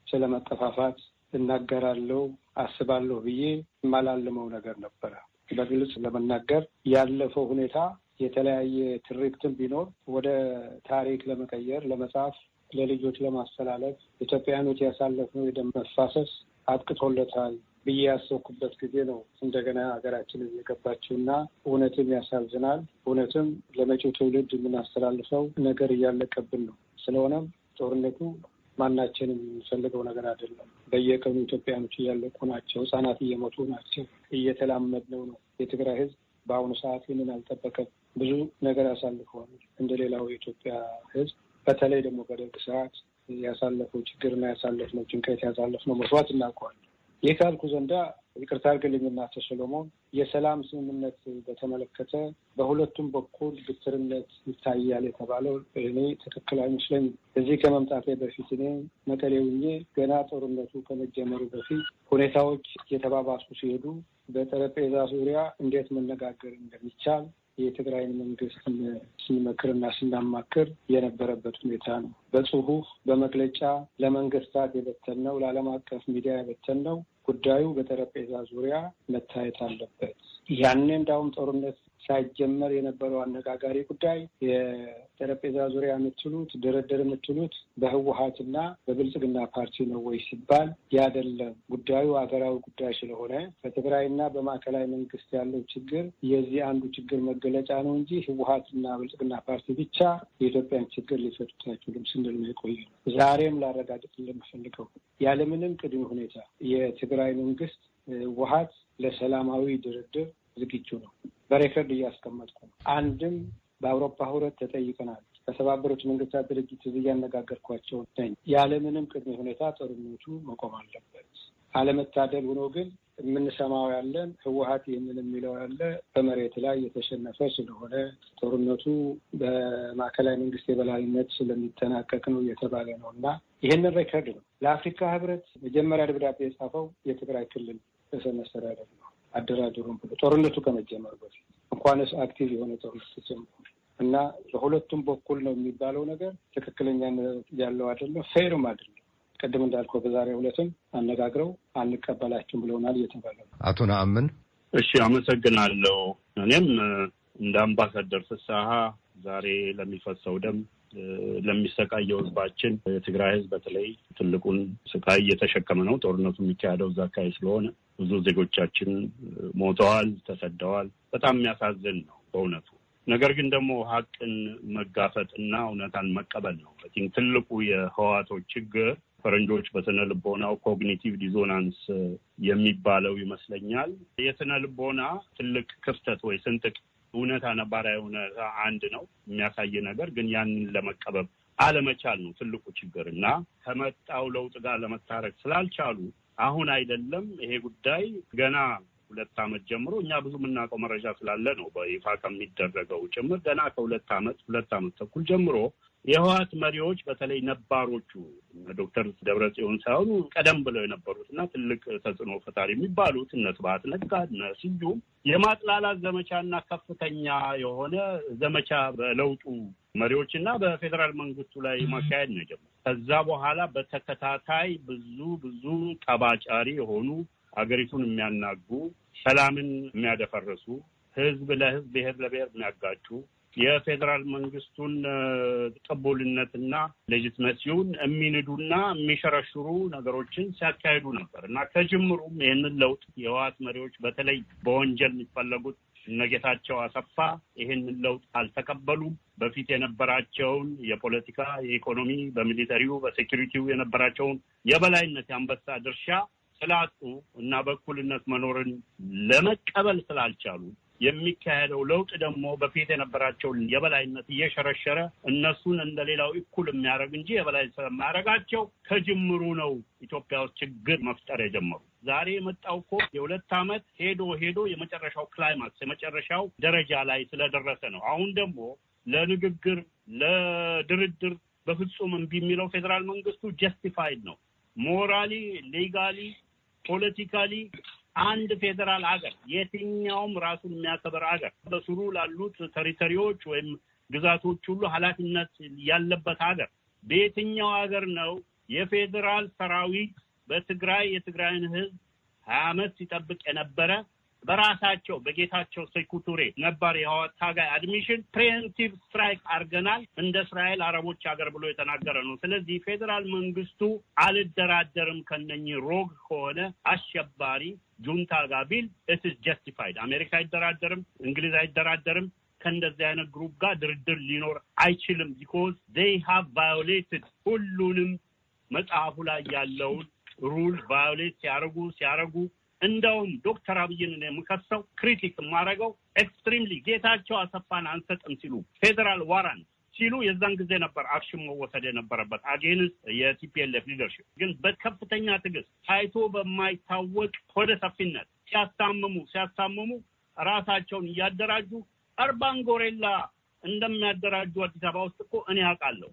ስለ መጠፋፋት እናገራለሁ አስባለሁ ብዬ የማላልመው ነገር ነበረ። በግልጽ ለመናገር ያለፈው ሁኔታ የተለያየ ትርክትም ቢኖር ወደ ታሪክ ለመቀየር ለመጻፍ፣ ለልጆች ለማስተላለፍ ኢትዮጵያኖች ያሳለፍነው የደም መፋሰስ አብቅቶለታል ብዬ ያሰብኩበት ጊዜ ነው። እንደገና ሀገራችን እየገባችው እና እውነትም ያሳዝናል። እውነትም ለመጪው ትውልድ የምናስተላልፈው ነገር እያለቀብን ነው። ስለሆነም ጦርነቱ ማናችንም የምንፈልገው ነገር አይደለም። በየቀኑ ኢትዮጵያኖች እያለቁ ናቸው። ህጻናት እየሞቱ ናቸው። እየተላመድነው ነው። የትግራይ ህዝብ በአሁኑ ሰዓት ይህንን አልጠበቀም። ብዙ ነገር ያሳልፈዋል። እንደ ሌላው የኢትዮጵያ ህዝብ በተለይ ደግሞ በደርግ ሰዓት ያሳለፈው ችግርና ያሳለፍነው ጭንቀት ያሳለፍነው መስዋዕት እናውቀዋለን። ይህ ካልኩ ዘንዳ ይቅርታ አድርግልኝና አቶ ሰሎሞን የሰላም ስምምነት በተመለከተ በሁለቱም በኩል ግትርነት ይታያል የተባለው እኔ ትክክል አይመስለኝ። እዚህ ከመምጣቴ በፊት እኔ መቀሌ ውኜ ገና ጦርነቱ ከመጀመሩ በፊት ሁኔታዎች የተባባሱ ሲሄዱ በጠረጴዛ ዙሪያ እንዴት መነጋገር እንደሚቻል የትግራይን መንግስት ስንመክርና ስናማክር የነበረበት ሁኔታ ነው። በጽሁፍ በመግለጫ ለመንግስታት የበተን ነው፣ ለዓለም አቀፍ ሚዲያ የበተን ነው። ጉዳዩ በጠረጴዛ ዙሪያ መታየት አለበት። ያኔ እንዳውም ጦርነት ሳይጀመር የነበረው አነጋጋሪ ጉዳይ የጠረጴዛ ዙሪያ የምትሉት ድርድር የምትሉት በህወሀትና በብልጽግና ፓርቲ ነው ወይ ሲባል ያደለም፣ ጉዳዩ ሀገራዊ ጉዳይ ስለሆነ በትግራይና በማዕከላዊ መንግስት ያለው ችግር የዚህ አንዱ ችግር መገለጫ ነው እንጂ ህወሀትና ብልጽግና ፓርቲ ብቻ የኢትዮጵያን ችግር ሊፈቱት አይችሉም ስንል ነው የቆየ። ዛሬም ላረጋግጥ ለምፈልገው ያለምንም ቅድመ ሁኔታ የትግራይ መንግስት ህወሀት ለሰላማዊ ድርድር ዝግጁ ነው። በሬከርድ እያስቀመጥኩ ነው። አንድም በአውሮፓ ህብረት ተጠይቀናል። በተባበሩት መንግስታት ድርጅት እያነጋገርኳቸው ነኝ። ያለምንም ቅድመ ሁኔታ ጦርነቱ መቆም አለበት። አለመታደል ሆኖ ግን የምንሰማው ያለን ህወሀት ይህንን የሚለው ያለ በመሬት ላይ የተሸነፈ ስለሆነ ጦርነቱ በማዕከላዊ መንግስት የበላይነት ስለሚጠናቀቅ ነው እየተባለ ነው እና ይህንን ሬከርድ ነው ለአፍሪካ ህብረት መጀመሪያ ደብዳቤ የጻፈው የትግራይ ክልል ርዕሰ መስተዳድር ነው። አደራደሩም ብሎ ጦርነቱ ከመጀመሩ በፊት እንኳንስ አክቲቭ የሆነ ጦርነት ተጀምሮ እና በሁለቱም በኩል ነው የሚባለው ነገር ትክክለኛ ያለው አይደለም፣ ፌርም አይደለም። ቅድም እንዳልከው በዛሬ ሁለትም አነጋግረው አንቀበላችሁም ብለውናል እየተባለ ነው። አቶ ነአምን እሺ፣ አመሰግናለሁ። እኔም እንደ አምባሳደር ፍስሀ ዛሬ ለሚፈሰው ደም ለሚሰቃየው ህዝባችን የትግራይ ህዝብ በተለይ ትልቁን ስቃይ እየተሸከመ ነው። ጦርነቱ የሚካሄደው እዛ አካባቢ ስለሆነ ብዙ ዜጎቻችን ሞተዋል፣ ተሰደዋል። በጣም የሚያሳዝን ነው በእውነቱ። ነገር ግን ደግሞ ሀቅን መጋፈጥ እና እውነታን መቀበል ነው ትልቁ የህዋቶች ችግር። ፈረንጆች በስነ ልቦናው ኮግኒቲቭ ዲዞናንስ የሚባለው ይመስለኛል። የስነ ልቦና ትልቅ ክፍተት ወይ ስንጥቅ እውነታ ነባራዊ እውነታ አንድ ነው የሚያሳይ ነገር ግን ያንን ለመቀበብ አለመቻል ነው ትልቁ ችግር እና ከመጣው ለውጥ ጋር ለመታረቅ ስላልቻሉ አሁን አይደለም ይሄ ጉዳይ ገና ሁለት ዓመት ጀምሮ እኛ ብዙ የምናውቀው መረጃ ስላለ ነው በይፋ ከሚደረገው ጭምር ገና ከሁለት ዓመት ሁለት ዓመት ተኩል ጀምሮ የህወሀት መሪዎች በተለይ ነባሮቹ ዶክተር ደብረ ጽዮን ሳይሆኑ ቀደም ብለው የነበሩትና ትልቅ ተጽዕኖ ፈጣሪ የሚባሉት እነ ስብሀት ነጋ እነ ስዩም የማጥላላት እና ከፍተኛ የሆነ ዘመቻ በለውጡ መሪዎችና በፌዴራል መንግስቱ ላይ ማካሄድ ነው የጀመረው። ከዛ በኋላ በተከታታይ ብዙ ብዙ ጠባጫሪ የሆኑ አገሪቱን የሚያናጉ ሰላምን የሚያደፈረሱ ህዝብ ለህዝብ ብሄር ለብሔር የሚያጋጩ የፌዴራል መንግስቱን ቅቡልነትና ሌጅትመሲውን የሚንዱና የሚሸረሽሩ ነገሮችን ሲያካሂዱ ነበር እና ከጅምሩም ይህንን ለውጥ የህወሓት መሪዎች በተለይ በወንጀል የሚፈለጉት እነጌታቸው አሰፋ ይህንን ለውጥ አልተቀበሉም። በፊት የነበራቸውን የፖለቲካ፣ የኢኮኖሚ፣ በሚሊተሪው፣ በሴኪሪቲው የነበራቸውን የበላይነት የአንበሳ ድርሻ ስላጡ እና በእኩልነት መኖርን ለመቀበል ስላልቻሉ የሚካሄደው ለውጥ ደግሞ በፊት የነበራቸውን የበላይነት እየሸረሸረ እነሱን እንደ ሌላው እኩል የሚያደርግ እንጂ የበላይ ስለማያደርጋቸው ከጅምሩ ነው ኢትዮጵያ ውስጥ ችግር መፍጠር የጀመሩ። ዛሬ የመጣው እኮ የሁለት ዓመት ሄዶ ሄዶ የመጨረሻው ክላይማክስ የመጨረሻው ደረጃ ላይ ስለደረሰ ነው። አሁን ደግሞ ለንግግር ለድርድር በፍጹም እምቢ የሚለው ፌዴራል መንግስቱ ጀስቲፋይድ ነው ሞራሊ ሌጋሊ ፖለቲካሊ አንድ ፌዴራል ሀገር የትኛውም ራሱን የሚያከበር ሀገር በስሩ ላሉት ተሪተሪዎች ወይም ግዛቶች ሁሉ ኃላፊነት ያለበት ሀገር በየትኛው ሀገር ነው የፌዴራል ሰራዊት በትግራይ የትግራይን ህዝብ ሀያ አመት ሲጠብቅ የነበረ በራሳቸው በጌታቸው ሴኩቱሬ ነባር የህወሓት ታጋይ አድሚሽን ፕሪኤምፕቲቭ ስትራይክ አድርገናል እንደ እስራኤል አረቦች ሀገር ብሎ የተናገረ ነው። ስለዚህ ፌዴራል መንግስቱ አልደራደርም ከነኚህ ሮግ ከሆነ አሸባሪ ጁንታ ጋር ቢል ኢትስ ጀስቲፋይድ። አሜሪካ አይደራደርም፣ እንግሊዝ አይደራደርም። ከእንደዚህ አይነት ግሩፕ ጋር ድርድር ሊኖር አይችልም። ቢኮዝ ዜይ ሃቭ ቫዮሌትድ ሁሉንም መጽሐፉ ላይ ያለውን ሩል ቫዮሌት ሲያደርጉ ሲያደርጉ እንደውም ዶክተር አብይን የምከሰው ክሪቲክ የማደርገው ኤክስትሪምሊ ጌታቸው አሰፋን አንሰጥም ሲሉ ፌዴራል ዋራንት ሲሉ የዛን ጊዜ ነበር አክሽን መወሰድ የነበረበት አጌንስት የቲፒኤልኤፍ ሊደርሽፕ። ግን በከፍተኛ ትዕግስት ታይቶ በማይታወቅ ሆደ ሰፊነት ሲያሳምሙ ሲያሳምሙ ራሳቸውን እያደራጁ አርባን ጎሬላ እንደሚያደራጁ አዲስ አበባ ውስጥ እኮ እኔ አውቃለሁ።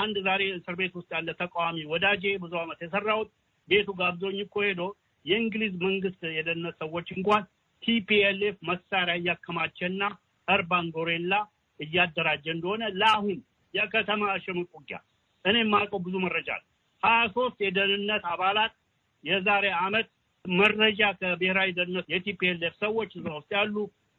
አንድ ዛሬ እስር ቤት ውስጥ ያለ ተቃዋሚ ወዳጄ ብዙ ዓመት የሰራሁት ቤቱ ጋብዞኝ እኮ ሄዶ የእንግሊዝ መንግስት የደህንነት ሰዎች እንኳን ቲፒኤልኤፍ መሳሪያ እያከማቸና እርባን ጎሬላ እያደራጀ እንደሆነ ለአሁን የከተማ ሽምቅ ውጊያ እኔ የማውቀው ብዙ መረጃ አለ። ሀያ ሶስት የደህንነት አባላት የዛሬ አመት መረጃ ከብሔራዊ ደህንነት የቲፒኤልኤፍ ሰዎች እዛ ውስጥ ያሉ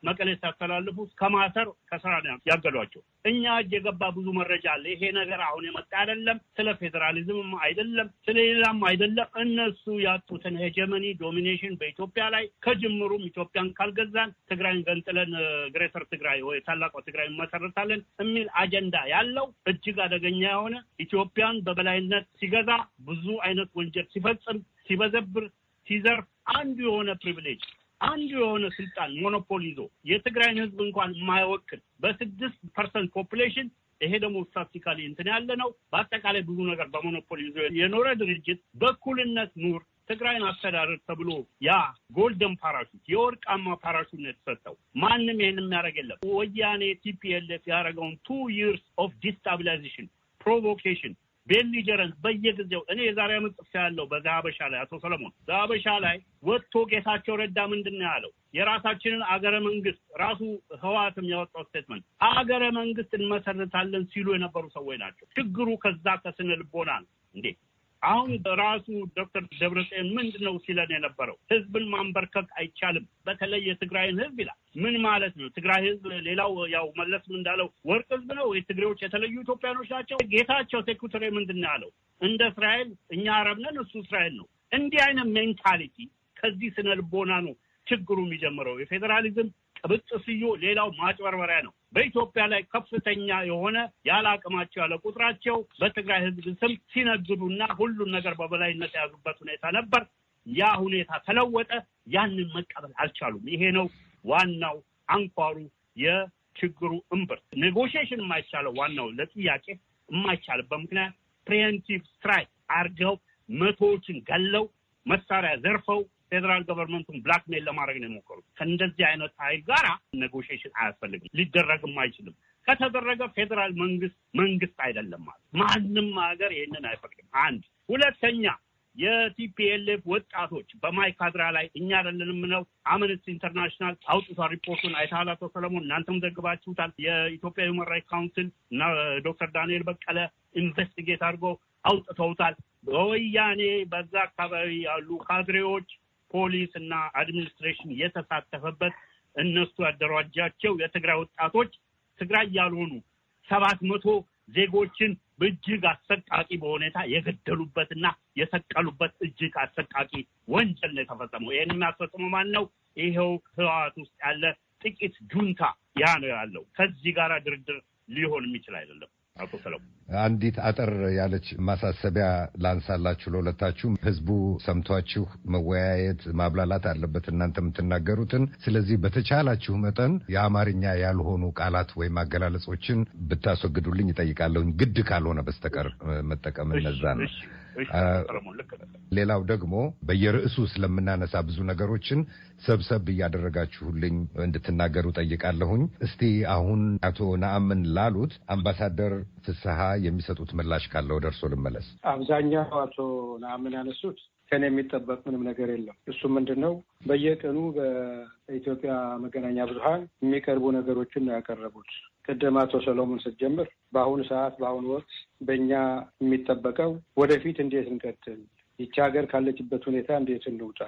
መቀሌ ሲያስተላልፉ ከማሰር ከስራ ያገዷቸው። እኛ እጅ የገባ ብዙ መረጃ አለ። ይሄ ነገር አሁን የመጣ አይደለም። ስለ ፌዴራሊዝምም አይደለም፣ ስለሌላም አይደለም። እነሱ ያጡትን ሄጀመኒ ዶሚኔሽን በኢትዮጵያ ላይ ከጅምሩም ኢትዮጵያን ካልገዛን ትግራይን ገንጥለን ግሬተር ትግራይ ወይ ታላቋ ትግራይ እንመሰርታለን የሚል አጀንዳ ያለው እጅግ አደገኛ የሆነ ኢትዮጵያን በበላይነት ሲገዛ ብዙ አይነት ወንጀል ሲፈጽም፣ ሲበዘብር፣ ሲዘርፍ አንዱ የሆነ ፕሪቪሌጅ አንዱ የሆነ ስልጣን ሞኖፖል ይዞ የትግራይን ህዝብ እንኳን የማይወክል በስድስት ፐርሰንት ፖፕሌሽን ይሄ ደግሞ ስታቲካሊ እንትን ያለ ነው። በአጠቃላይ ብዙ ነገር በሞኖፖል ይዞ የኖረ ድርጅት በእኩልነት ኑር ትግራይን አስተዳደር ተብሎ ያ ጎልደን ፓራሹት የወርቃማ ፓራሹት ነው የተሰጠው። ማንም ይህን የሚያደርግ የለም። ወያኔ ቲፒኤልኤፍ ያደረገውን ቱ ይርስ ኦፍ ዲስታቢላይዜሽን ፕሮቮኬሽን ቤሊጀረንስ በየጊዜው እኔ የዛሬ ዓመት ጽፌ ያለው ሀበሻ ላይ አቶ ሰለሞን ዛሀበሻ ላይ ወጥቶ ጌታቸው ረዳ ምንድን ነው ያለው? የራሳችንን አገረ መንግስት ራሱ ህዋትም ያወጣው ስቴትመንት አገረ መንግስት እንመሰርታለን ሲሉ የነበሩ ሰዎች ናቸው። ችግሩ ከዛ ከስነ ልቦና ነው እንዴ አሁን ራሱ ዶክተር ደብረጽዮን ምንድን ነው ሲለን የነበረው ህዝብን ማንበርከክ አይቻልም፣ በተለይ የትግራይን ህዝብ ይላል። ምን ማለት ነው? ትግራይ ህዝብ ሌላው ያው መለስም እንዳለው ወርቅ ህዝብ ነው። የትግሬዎች የተለዩ ኢትዮጵያኖች ናቸው። ጌታቸው ሴኩተሪ ምንድን ነው ያለው? እንደ እስራኤል እኛ አረብ ነን፣ እሱ እስራኤል ነው። እንዲህ አይነት ሜንታሊቲ ከዚህ ስነ ልቦና ነው ችግሩ የሚጀምረው። የፌዴራሊዝም ስዩ ሌላው ማጭበርበሪያ ነው። በኢትዮጵያ ላይ ከፍተኛ የሆነ ያለ አቅማቸው ያለ ቁጥራቸው በትግራይ ህዝብ ስም ሲነግዱና ሁሉን ነገር በበላይነት የያዙበት ሁኔታ ነበር። ያ ሁኔታ ተለወጠ። ያንን መቀበል አልቻሉም። ይሄ ነው ዋናው አንኳሩ የችግሩ እምብርት። ኔጎሽሽን የማይቻለው ዋናው ለጥያቄ የማይቻልበት ምክንያት ፕሪኤምፕቲቭ ስትራይክ አርገው መቶዎችን ገለው መሳሪያ ዘርፈው ፌዴራል ገቨርንመንቱን ብላክሜል ለማድረግ ነው የሞከሩት። ከእንደዚህ አይነት ኃይል ጋራ ኔጎሽሽን አያስፈልግም፣ ሊደረግም አይችልም። ከተደረገ ፌዴራል መንግስት መንግስት አይደለም ማለት ማንም ሀገር ይህንን አይፈቅድም። አንድ ሁለተኛ የቲፒኤልኤፍ ወጣቶች በማይካድራ ላይ እኛ አይደለንም ነው። አምነስቲ ኢንተርናሽናል አውጥቷል ሪፖርቱን አይታላቶ ሰለሞን፣ እናንተም ዘግባችሁታል። የኢትዮጵያ ሁመን ራይት ካውንስል እና ዶክተር ዳንኤል በቀለ ኢንቨስቲጌት አድርጎ አውጥተውታል። በወያኔ በዛ አካባቢ ያሉ ካድሬዎች ፖሊስ እና አድሚኒስትሬሽን የተሳተፈበት እነሱ ያደራጃቸው የትግራይ ወጣቶች ትግራይ ያልሆኑ ሰባት መቶ ዜጎችን እጅግ አሰቃቂ በሁኔታ የገደሉበትና የሰቀሉበት እጅግ አሰቃቂ ወንጀል ነው የተፈጸመው። ይህን የሚያስፈጽመው ማን ነው? ይኸው ህወሓት ውስጥ ያለ ጥቂት ጁንታ ያ ነው ያለው። ከዚህ ጋር ድርድር ሊሆን የሚችል አይደለም። አቶ ሰለሞን አንዲት አጠር ያለች ማሳሰቢያ ላንሳላችሁ ለሁለታችሁም። ህዝቡ ሰምቷችሁ መወያየት ማብላላት አለበት እናንተ የምትናገሩትን። ስለዚህ በተቻላችሁ መጠን የአማርኛ ያልሆኑ ቃላት ወይም አገላለጾችን ብታስወግዱልኝ ይጠይቃለሁኝ፣ ግድ ካልሆነ በስተቀር መጠቀም እነዛ ነው። ሌላው ደግሞ በየርዕሱ ስለምናነሳ ብዙ ነገሮችን ሰብሰብ እያደረጋችሁልኝ እንድትናገሩ ጠይቃለሁኝ። እስቲ አሁን አቶ ነአምን ላሉት አምባሳደር ፍስሐ የሚሰጡት ምላሽ ካለው ደርሶ ልመለስ። አብዛኛው አቶ ነአምን ያነሱት ከኔ የሚጠበቅ ምንም ነገር የለም። እሱ ምንድን ነው በየቀኑ በኢትዮጵያ መገናኛ ብዙኃን የሚቀርቡ ነገሮችን ነው ያቀረቡት። ቅድም አቶ ሰሎሞን ስትጀምር በአሁኑ ሰዓት በአሁኑ ወቅት በእኛ የሚጠበቀው ወደፊት እንዴት እንቀጥል፣ ይቺ ሀገር ካለችበት ሁኔታ እንዴት እንውጣ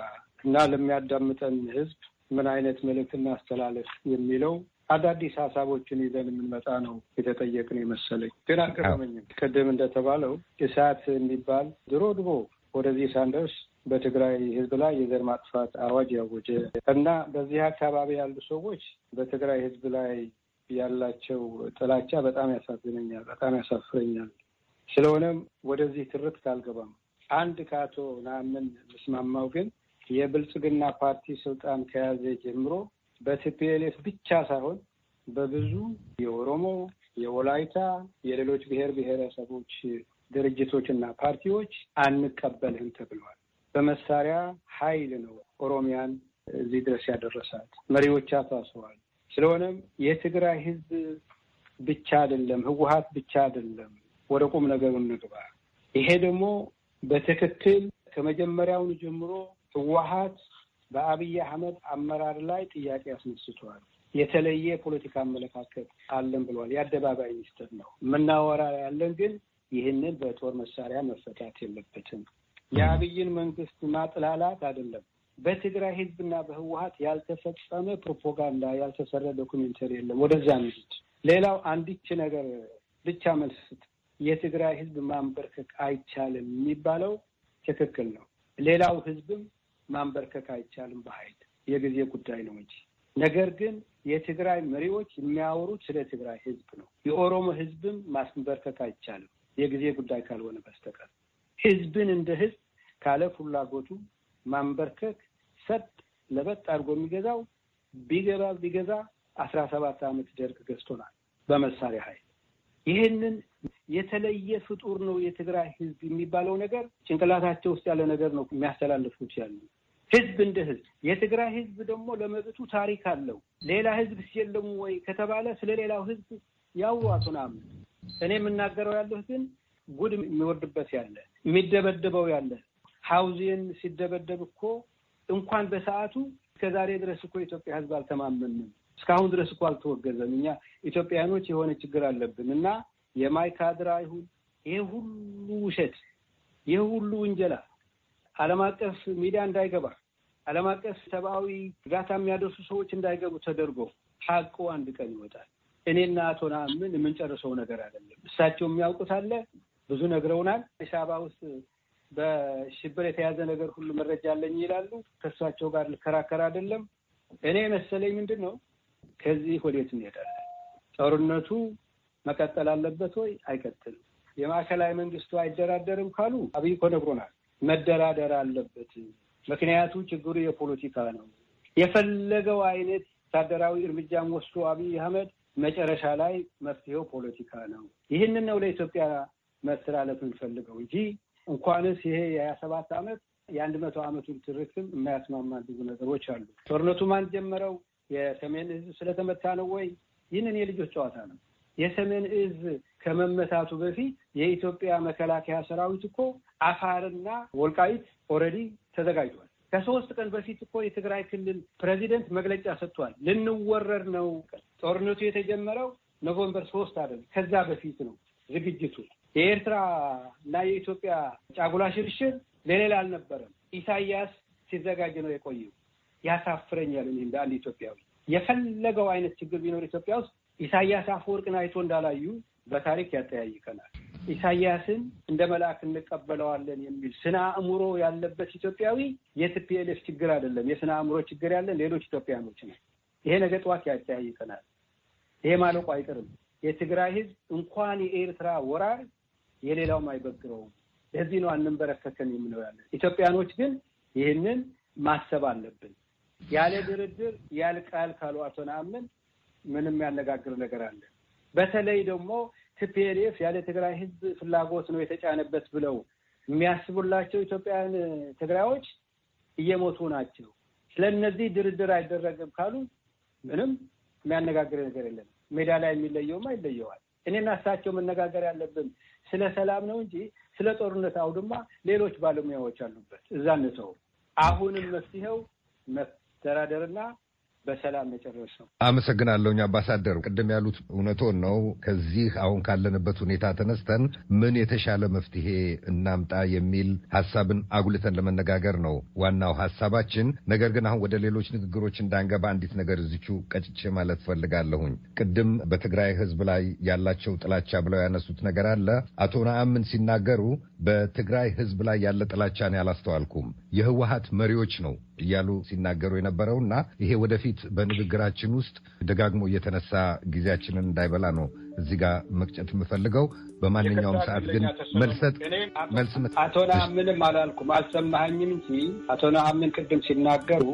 እና ለሚያዳምጠን ህዝብ ምን አይነት መልእክት እናስተላለፍ የሚለው አዳዲስ ሀሳቦችን ይዘን የምንመጣ ነው የተጠየቅን የመሰለኝ። ግን አልገረመኝም። ቅድም እንደተባለው እሳት የሚባል ድሮ ድሮ ወደዚህ ሳንደርስ በትግራይ ህዝብ ላይ የዘር ማጥፋት አዋጅ ያወጀ እና በዚህ አካባቢ ያሉ ሰዎች በትግራይ ህዝብ ላይ ያላቸው ጥላቻ በጣም ያሳዝነኛል፣ በጣም ያሳፍረኛል። ስለሆነም ወደዚህ ትርት ካልገባም አንድ ከአቶ ናምን ምስማማው ግን የብልጽግና ፓርቲ ስልጣን ከያዘ ጀምሮ በቲፒኤልኤፍ ብቻ ሳይሆን በብዙ የኦሮሞ፣ የወላይታ፣ የሌሎች ብሔር ብሔረሰቦች ድርጅቶችና ፓርቲዎች አንቀበልህም ተብለዋል። በመሳሪያ ኃይል ነው ኦሮሚያን እዚህ ድረስ ያደረሳት። መሪዎቿ ታስረዋል። ስለሆነም የትግራይ ህዝብ ብቻ አይደለም፣ ህወሀት ብቻ አይደለም። ወደ ቁም ነገሩ እንግባ። ይሄ ደግሞ በትክክል ከመጀመሪያውኑ ጀምሮ ህወሀት በአብይ አህመድ አመራር ላይ ጥያቄ አስነስቷል። የተለየ የፖለቲካ አመለካከት አለን ብለዋል። የአደባባይ ሚኒስትር ነው የምናወራ ያለን ግን ይህንን በጦር መሳሪያ መፈታት የለበትም። የአብይን መንግስት ማጥላላት አይደለም በትግራይ ህዝብና በህወሀት ያልተፈጸመ ፕሮፓጋንዳ ያልተሰራ ዶኩሜንተሪ የለም። ወደዛ ሚሄድ ሌላው አንዲች ነገር ብቻ መልስት የትግራይ ህዝብ ማንበርከክ አይቻልም የሚባለው ትክክል ነው። ሌላው ህዝብም ማንበርከክ አይቻልም በኃይል የጊዜ ጉዳይ ነው እንጂ ነገር ግን የትግራይ መሪዎች የሚያወሩት ስለ ትግራይ ህዝብ ነው። የኦሮሞ ህዝብም ማስንበርከክ አይቻልም የጊዜ ጉዳይ ካልሆነ በስተቀር ህዝብን እንደ ህዝብ ካለ ፍላጎቱ ማንበርከክ ሰጥ ለበጥ አድርጎ የሚገዛው ቢገባ ቢገዛ አስራ ሰባት ዓመት ደርግ ገዝቶናል በመሳሪያ ኃይል። ይህንን የተለየ ፍጡር ነው የትግራይ ህዝብ የሚባለው ነገር ጭንቅላታቸው ውስጥ ያለ ነገር ነው የሚያስተላልፉት ያሉ ህዝብ እንደ ህዝብ የትግራይ ህዝብ ደግሞ ለመብቱ ታሪክ አለው። ሌላ ህዝብ ሲየለሙ ወይ ከተባለ ስለ ሌላው ህዝብ ያዋቱናም። እኔ የምናገረው ያለሁት ግን ጉድ የሚወርድበት ያለ የሚደበደበው ያለ ሀውዜን ሲደበደብ እኮ እንኳን በሰዓቱ እስከዛሬ ድረስ እኮ የኢትዮጵያ ህዝብ አልተማመንም። እስካሁን ድረስ እኮ አልተወገዘም። እኛ ኢትዮጵያኖች የሆነ ችግር አለብን እና የማይካድራ ይሁን ይህ ሁሉ ውሸት፣ ይህ ሁሉ ውንጀላ ዓለም አቀፍ ሚዲያ እንዳይገባ ዓለም አቀፍ ሰብአዊ እርዳታ የሚያደርሱ ሰዎች እንዳይገቡ ተደርጎ ሀቁ አንድ ቀን ይወጣል። እኔና አቶ ናምን የምንጨርሰው ነገር አይደለም። እሳቸው የሚያውቁት አለ ብዙ ነግረውናል። አዲስ አበባ ውስጥ በሽብር የተያዘ ነገር ሁሉ መረጃ አለኝ ይላሉ። ከእሳቸው ጋር ልከራከር አይደለም። እኔ መሰለኝ ምንድን ነው ከዚህ ወዴት እንሄዳለን? ጦርነቱ መቀጠል አለበት ወይ አይቀጥልም? የማዕከላዊ መንግስቱ አይደራደርም ካሉ አብይ እኮ ነግሮናል፣ መደራደር አለበት። ምክንያቱ ችግሩ የፖለቲካ ነው። የፈለገው አይነት ወታደራዊ እርምጃም ወስዶ አብይ አህመድ መጨረሻ ላይ መፍትሄው ፖለቲካ ነው። ይህንን ነው ለኢትዮጵያ መስተላለፍ የምንፈልገው እንጂ እንኳንስ ይሄ የሀያ ሰባት ዓመት የአንድ መቶ ዓመቱን ትርክትም የማያስማማ ብዙ ነገሮች አሉ። ጦርነቱ ማን ጀመረው? የሰሜን እዝ ስለተመታ ነው ወይ? ይህንን የልጆች ጨዋታ ነው። የሰሜን እዝ ከመመታቱ በፊት የኢትዮጵያ መከላከያ ሰራዊት እኮ አፋርና ወልቃይት ኦልሬዲ ተዘጋጅቷል። ከሶስት ቀን በፊት እኮ የትግራይ ክልል ፕሬዚደንት መግለጫ ሰጥቷል። ልንወረር ነው። ጦርነቱ የተጀመረው ኖቨምበር ሶስት አይደለም፣ ከዛ በፊት ነው ዝግጅቱ የኤርትራ እና የኢትዮጵያ ጫጉላ ሽርሽር ለሌላ አልነበረም። ኢሳያስ ሲዘጋጅ ነው የቆየው። ያሳፍረኛል። እኔም በአንድ ኢትዮጵያዊ የፈለገው አይነት ችግር ቢኖር ኢትዮጵያ ውስጥ ኢሳያስ አፈወርቅን አይቶ እንዳላዩ በታሪክ ያጠያይቀናል። ኢሳያስን እንደ መልአክ እንቀበለዋለን የሚል ስነ አእምሮ ያለበት ኢትዮጵያዊ የቲፒኤልኤፍ ችግር አይደለም። የስነ አእምሮ ችግር ያለን ሌሎች ኢትዮጵያኖች ነው። ይሄ ነገ ጠዋት ያጠያይቀናል። ይሄ ማለቁ አይቀርም። የትግራይ ህዝብ እንኳን የኤርትራ ወራር የሌላውም አይበግረውም። ለዚህ ነው አንንበረከከን የምንለው ያለን። ኢትዮጵያኖች ግን ይህንን ማሰብ አለብን። ያለ ድርድር ያልቃል ካሉ አቶ ነአምን ምንም ያነጋግር ነገር አለ። በተለይ ደግሞ ቲፒኤልኤፍ ያለ ትግራይ ህዝብ ፍላጎት ነው የተጫነበት ብለው የሚያስቡላቸው ኢትዮጵያን ትግራዮች እየሞቱ ናቸው። ስለነዚህ ድርድር አይደረግም ካሉ ምንም የሚያነጋግር ነገር የለም። ሜዳ ላይ የሚለየውም አይለየዋል። እኔና እሳቸው መነጋገር ያለብን ስለ ሰላም ነው እንጂ ስለ ጦርነት አውድማ ሌሎች ባለሙያዎች አሉበት። እዛ እንተው። አሁንም መፍትሄው መደራደርና በሰላም የጨረሰው። አመሰግናለሁኝ አምባሳደር። ቅድም ያሉት እውነቶን ነው። ከዚህ አሁን ካለንበት ሁኔታ ተነስተን ምን የተሻለ መፍትሄ እናምጣ የሚል ሀሳብን አጉልተን ለመነጋገር ነው ዋናው ሀሳባችን። ነገር ግን አሁን ወደ ሌሎች ንግግሮች እንዳንገባ አንዲት ነገር እዚቹ ቀጭቼ ማለት ፈልጋለሁኝ። ቅድም በትግራይ ሕዝብ ላይ ያላቸው ጥላቻ ብለው ያነሱት ነገር አለ። አቶ ነአምን ሲናገሩ በትግራይ ሕዝብ ላይ ያለ ጥላቻን ያላስተዋልኩም የህወሀት መሪዎች ነው እያሉ ሲናገሩ የነበረው እና ይሄ ወደፊት በንግግራችን ውስጥ ደጋግሞ እየተነሳ ጊዜያችንን እንዳይበላ ነው እዚህ ጋር መቅጨት የምፈልገው። በማንኛውም ሰዓት ግን መልሰጥ መልስ አቶ ነአምንም አላልኩም አልሰማኸኝም እንጂ አቶ ነአምን ቅድም ሲናገሩ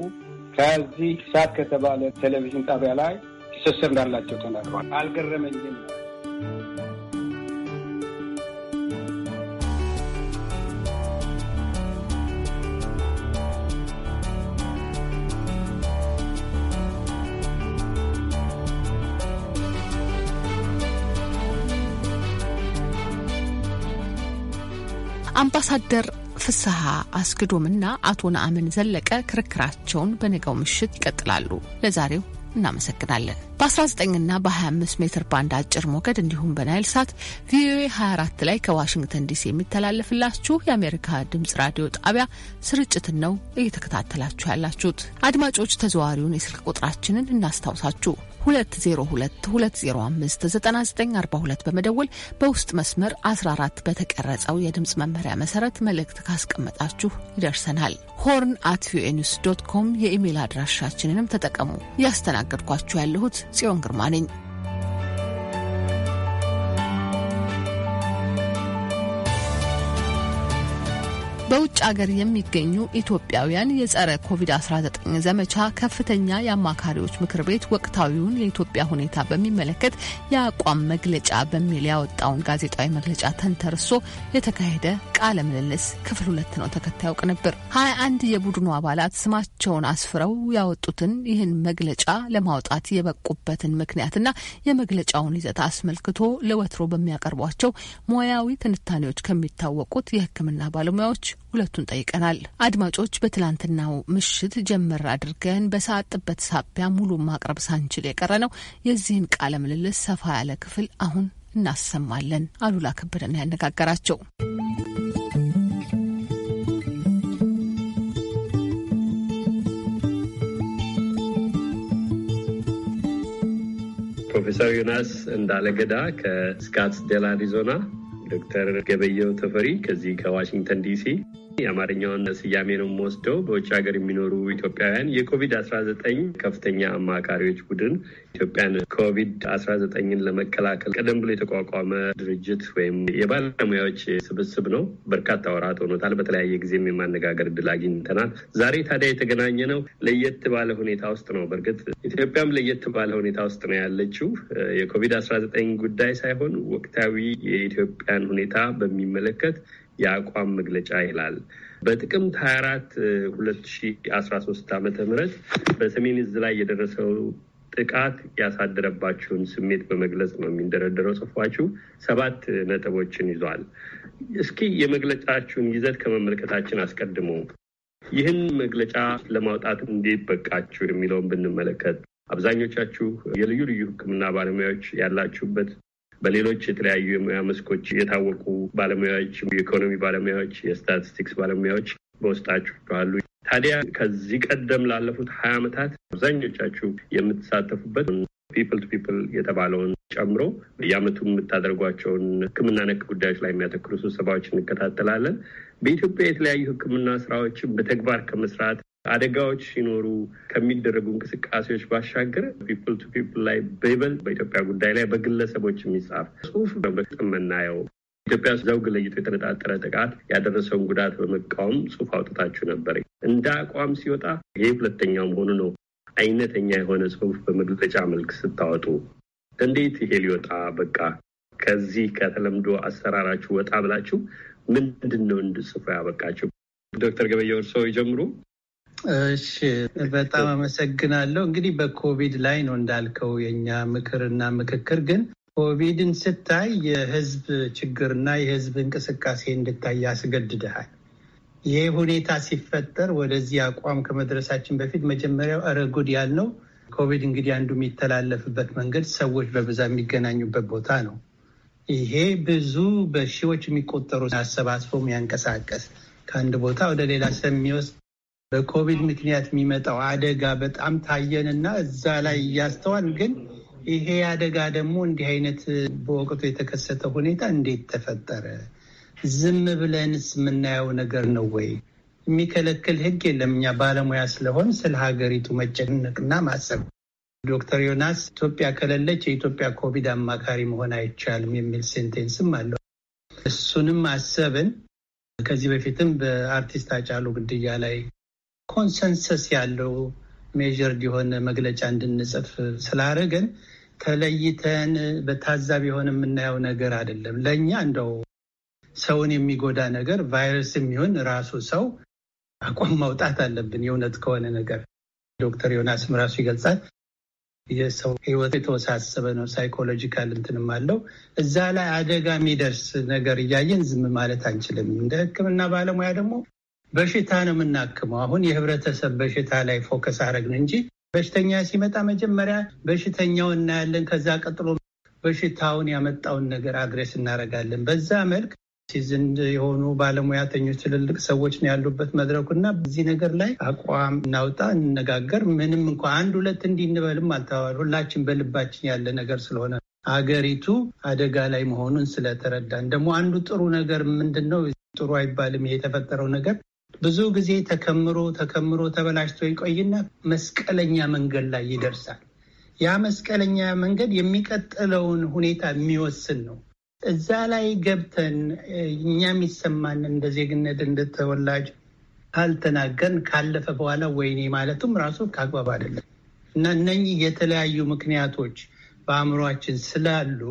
ከዚህ ሰዓት ከተባለ ቴሌቪዥን ጣቢያ ላይ ትስስር እንዳላቸው ተናግሯል። አልገረመኝም። አምባሳደር ፍስሐ አስግዶምና አቶ ነአምን ዘለቀ ክርክራቸውን በነገው ምሽት ይቀጥላሉ። ለዛሬው እናመሰግናለን። በ19ና በ25 ሜትር ባንድ አጭር ሞገድ እንዲሁም በናይል ሳት ቪኦኤ 24 ላይ ከዋሽንግተን ዲሲ የሚተላለፍላችሁ የአሜሪካ ድምጽ ራዲዮ ጣቢያ ስርጭትን ነው እየተከታተላችሁ ያላችሁት። አድማጮች ተዘዋሪውን የስልክ ቁጥራችንን እናስታውሳችሁ 2022059942 በመደወል በውስጥ መስመር 14 በተቀረጸው የድምፅ መመሪያ መሰረት መልእክት ካስቀመጣችሁ ይደርሰናል። ሆርን አት ቪኦኤ ኒውስ ዶት ኮም የኢሜይል አድራሻችንንም ተጠቀሙ። እያስተናገድኳችሁ ያለሁት ጽዮን ግርማ ነኝ። በውጭ አገር የሚገኙ ኢትዮጵያውያን የጸረ ኮቪድ-19 ዘመቻ ከፍተኛ የአማካሪዎች ምክር ቤት ወቅታዊውን የኢትዮጵያ ሁኔታ በሚመለከት የአቋም መግለጫ በሚል ያወጣውን ጋዜጣዊ መግለጫ ተንተርሶ የተካሄደ ቃለ ምልልስ ክፍል ሁለት ነው። ተከታዩ ቅንብር ሀያ አንድ የቡድኑ አባላት ስማቸውን አስፍረው ያወጡትን ይህን መግለጫ ለማውጣት የበቁበትን ምክንያትና የመግለጫውን ይዘት አስመልክቶ ለወትሮ በሚያቀርቧቸው ሙያዊ ትንታኔዎች ከሚታወቁት የሕክምና ባለሙያዎች ሁለቱን ጠይቀናል። አድማጮች በትላንትናው ምሽት ጀመር አድርገን በሰዓት ጥበት ሳቢያ ሙሉ ማቅረብ ሳንችል የቀረ ነው። የዚህን ቃለ ምልልስ ሰፋ ያለ ክፍል አሁን እናሰማለን። አሉላ ከበደን ያነጋገራቸው ፕሮፌሰር ዮናስ እንዳለገዳ ከስካትስዴል አሪዞና ዶክተር ገበየው ተፈሪ ከዚህ ከዋሽንግተን ዲሲ የአማርኛውን ስያሜ ነው የምወስደው። በውጭ ሀገር የሚኖሩ ኢትዮጵያውያን የኮቪድ-19 ከፍተኛ አማካሪዎች ቡድን ኢትዮጵያን ኮቪድ-19ን ለመከላከል ቀደም ብሎ የተቋቋመ ድርጅት ወይም የባለሙያዎች ስብስብ ነው። በርካታ ወራት ሆኖታል። በተለያየ ጊዜም የማነጋገር እድል አግኝተናል። ዛሬ ታዲያ የተገናኘ ነው ለየት ባለ ሁኔታ ውስጥ ነው። በእርግጥ ኢትዮጵያም ለየት ባለ ሁኔታ ውስጥ ነው ያለችው። የኮቪድ-19 ጉዳይ ሳይሆን ወቅታዊ የኢትዮጵያን ሁኔታ በሚመለከት የአቋም መግለጫ ይላል። በጥቅምት 24 2013 ዓ ም በሰሜን እዝ ላይ የደረሰው ጥቃት ያሳደረባችሁን ስሜት በመግለጽ ነው የሚንደረደረው ጽሑፋችሁ። ሰባት ነጥቦችን ይዟል። እስኪ የመግለጫችሁን ይዘት ከመመልከታችን አስቀድሞ ይህን መግለጫ ለማውጣት እንዴት በቃችሁ የሚለውን ብንመለከት አብዛኞቻችሁ የልዩ ልዩ ሕክምና ባለሙያዎች ያላችሁበት በሌሎች የተለያዩ የሙያ መስኮች የታወቁ ባለሙያዎች፣ የኢኮኖሚ ባለሙያዎች፣ የስታቲስቲክስ ባለሙያዎች በውስጣችሁ አሉ። ታዲያ ከዚህ ቀደም ላለፉት ሀያ ዓመታት አብዛኞቻችሁ የምትሳተፉበት ፒፕል ቱ ፒፕል የተባለውን ጨምሮ በየዓመቱ የምታደርጓቸውን ሕክምና ነክ ጉዳዮች ላይ የሚያተክሩ ስብሰባዎች እንከታተላለን። በኢትዮጵያ የተለያዩ ሕክምና ስራዎችን በተግባር ከመስራት አደጋዎች ሲኖሩ ከሚደረጉ እንቅስቃሴዎች ባሻገር ፒፕል ቱ ፒፕል ላይ በይበልጥ በኢትዮጵያ ጉዳይ ላይ በግለሰቦች የሚጻፍ ጽሁፍ በጣም የምናየው ኢትዮጵያ ዘውግ ለይቶ የተነጣጠረ ጥቃት ያደረሰውን ጉዳት በመቃወም ጽሁፍ አውጥታችሁ ነበር። እንደ አቋም ሲወጣ ይሄ ሁለተኛው መሆኑ ነው። አይነተኛ የሆነ ጽሁፍ በመግለጫ መልክ ስታወጡ እንዴት ይሄ ሊወጣ በቃ ከዚህ ከተለምዶ አሰራራችሁ ወጣ ብላችሁ ምንድን ነው እንድጽፎ ያበቃችሁ? ዶክተር ገበየ እርሶ ይጀምሩ። እሺ በጣም አመሰግናለሁ። እንግዲህ በኮቪድ ላይ ነው እንዳልከው የእኛ ምክርና ምክክር ግን ኮቪድን ስታይ የህዝብ ችግርና የህዝብ እንቅስቃሴ እንድታይ ያስገድድሃል። ይህ ሁኔታ ሲፈጠር ወደዚህ አቋም ከመድረሳችን በፊት መጀመሪያው እረጉድ ያልነው ኮቪድ እንግዲህ አንዱ የሚተላለፍበት መንገድ ሰዎች በብዛት የሚገናኙበት ቦታ ነው። ይሄ ብዙ በሺዎች የሚቆጠሩ አሰባስቦ የሚያንቀሳቀስ ከአንድ ቦታ ወደ ሌላ ስለሚወስድ በኮቪድ ምክንያት የሚመጣው አደጋ በጣም ታየንና እዛ ላይ እያስተዋል ግን ይሄ አደጋ ደግሞ እንዲህ አይነት በወቅቱ የተከሰተ ሁኔታ እንዴት ተፈጠረ? ዝም ብለንስ የምናየው ነገር ነው ወይ? የሚከለክል ሕግ የለም። እኛ ባለሙያ ስለሆን ስለ ሀገሪቱ መጨነቅና ማሰብ ዶክተር ዮናስ ኢትዮጵያ ከሌለች የኢትዮጵያ ኮቪድ አማካሪ መሆን አይቻልም የሚል ሴንቴንስም አለው። እሱንም አሰብን። ከዚህ በፊትም በአርቲስት አጫሉ ግድያ ላይ ኮንሰንሰስ ያለው ሜዥር የሆነ መግለጫ እንድንጽፍ ስላደረገን ተለይተን በታዛቢ የሆነ የምናየው ነገር አይደለም። ለእኛ እንደው ሰውን የሚጎዳ ነገር ቫይረስ የሚሆን ራሱ ሰው አቋም ማውጣት አለብን። የእውነት ከሆነ ነገር ዶክተር ዮናስም ራሱ ይገልጻል። የሰው ህይወት የተወሳሰበ ነው። ሳይኮሎጂካል እንትንም አለው። እዛ ላይ አደጋ የሚደርስ ነገር እያየን ዝም ማለት አንችልም። እንደ ሕክምና ባለሙያ ደግሞ በሽታ ነው የምናክመው። አሁን የህብረተሰብ በሽታ ላይ ፎከስ አረግን እንጂ በሽተኛ ሲመጣ መጀመሪያ በሽተኛው እናያለን። ከዛ ቀጥሎ በሽታውን ያመጣውን ነገር አግሬስ እናደርጋለን። በዛ መልክ ሲዝን የሆኑ ባለሙያተኞች ትልልቅ ሰዎች ነው ያሉበት መድረኩ እና በዚህ ነገር ላይ አቋም እናውጣ፣ እንነጋገር። ምንም እንኳ አንድ ሁለት እንዲንበልም አልተባል ሁላችን በልባችን ያለ ነገር ስለሆነ አገሪቱ አደጋ ላይ መሆኑን ስለተረዳን ደግሞ አንዱ ጥሩ ነገር ምንድን ነው ጥሩ አይባልም የተፈጠረው ነገር ብዙ ጊዜ ተከምሮ ተከምሮ ተበላሽቶ ይቆይና መስቀለኛ መንገድ ላይ ይደርሳል። ያ መስቀለኛ መንገድ የሚቀጥለውን ሁኔታ የሚወስን ነው። እዛ ላይ ገብተን እኛ የሚሰማን እንደ ዜግነት እንደተወላጅ ካልተናገርን ካለፈ በኋላ ወይኔ ማለቱም ራሱ ከአግባብ አይደለም እና እነኚህ የተለያዩ ምክንያቶች በአእምሯችን ስላሉ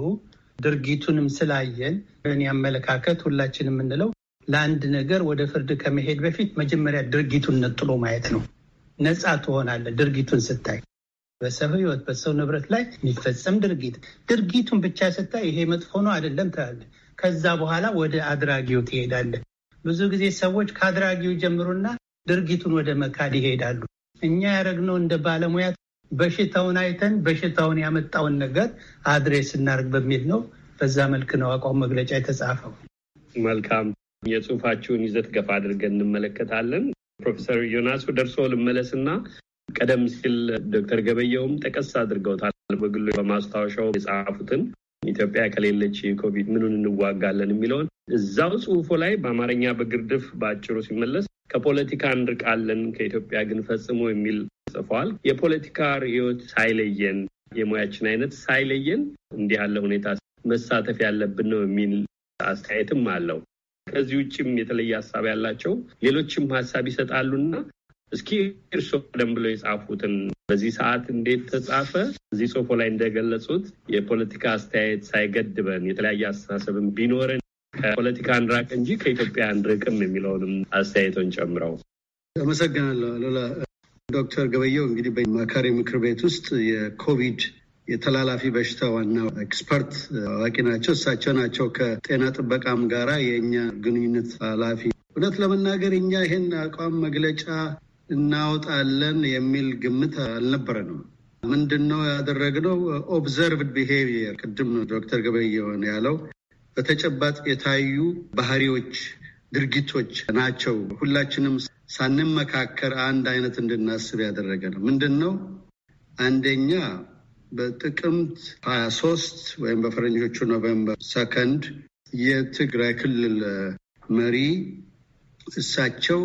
ድርጊቱንም ስላየን እኔ አመለካከት ሁላችን የምንለው ለአንድ ነገር ወደ ፍርድ ከመሄድ በፊት መጀመሪያ ድርጊቱን ነጥሎ ማየት ነው። ነጻ ትሆናለህ ድርጊቱን ስታይ በሰው ህይወት በሰው ንብረት ላይ የሚፈጸም ድርጊት ድርጊቱን ብቻ ስታይ ይሄ መጥፎ ነው አይደለም ትላለህ። ከዛ በኋላ ወደ አድራጊው ትሄዳለህ። ብዙ ጊዜ ሰዎች ከአድራጊው ጀምሩና ድርጊቱን ወደ መካድ ይሄዳሉ። እኛ ያደረግነው እንደ ባለሙያ በሽታውን አይተን በሽታውን ያመጣውን ነገር አድሬስ እናደርግ በሚል ነው። በዛ መልክ ነው አቋም መግለጫ የተጻፈው። መልካም የጽሁፋችሁን ይዘት ገፋ አድርገን እንመለከታለን። ፕሮፌሰር ዮናሱ ደርሶ ልመለስና ቀደም ሲል ዶክተር ገበየውም ጠቀስ አድርገውታል። በግሉ በማስታወሻው የጻፉትን ኢትዮጵያ ከሌለች ኮቪድ ምኑን እንዋጋለን የሚለውን እዛው ጽሁፎ ላይ በአማርኛ በግርድፍ በአጭሩ ሲመለስ ከፖለቲካ እንርቃለን ከኢትዮጵያ ግን ፈጽሞ የሚል ጽፏል። የፖለቲካ ርዕዮት ሳይለየን የሙያችን አይነት ሳይለየን እንዲህ ያለ ሁኔታ መሳተፍ ያለብን ነው የሚል አስተያየትም አለው። ከዚህ ውጭም የተለየ ሀሳብ ያላቸው ሌሎችም ሀሳብ ይሰጣሉና እስኪ እርስዎ ቀደም ብሎ የጻፉትን በዚህ ሰዓት እንዴት ተጻፈ? እዚህ ጽሁፎ ላይ እንደገለጹት የፖለቲካ አስተያየት ሳይገድበን የተለያየ አስተሳሰብን ቢኖረን ከፖለቲካ አንራቅ እንጂ ከኢትዮጵያ አንርቅም የሚለውንም አስተያየቶን ጨምረው አመሰግናለሁ። ዶክተር ገበየው እንግዲህ በማካሪ ምክር ቤት ውስጥ የኮቪድ የተላላፊ በሽታ ዋና ኤክስፐርት አዋቂ ናቸው። እሳቸው ናቸው ከጤና ጥበቃም ጋራ የእኛ ግንኙነት ኃላፊ። እውነት ለመናገር እኛ ይሄን አቋም መግለጫ እናወጣለን የሚል ግምት አልነበረንም። ምንድን ነው ያደረግነው? ኦብዘርቭድ ቢሄቪየር ቅድም ዶክተር ገበየሁን ያለው በተጨባጥ የታዩ ባህሪዎች፣ ድርጊቶች ናቸው። ሁላችንም ሳንመካከር አንድ አይነት እንድናስብ ያደረገ ነው። ምንድን ነው አንደኛ በጥቅምት 23 ወይም በፈረንጆቹ ኖቬምበር ሰከንድ የትግራይ ክልል መሪ እሳቸው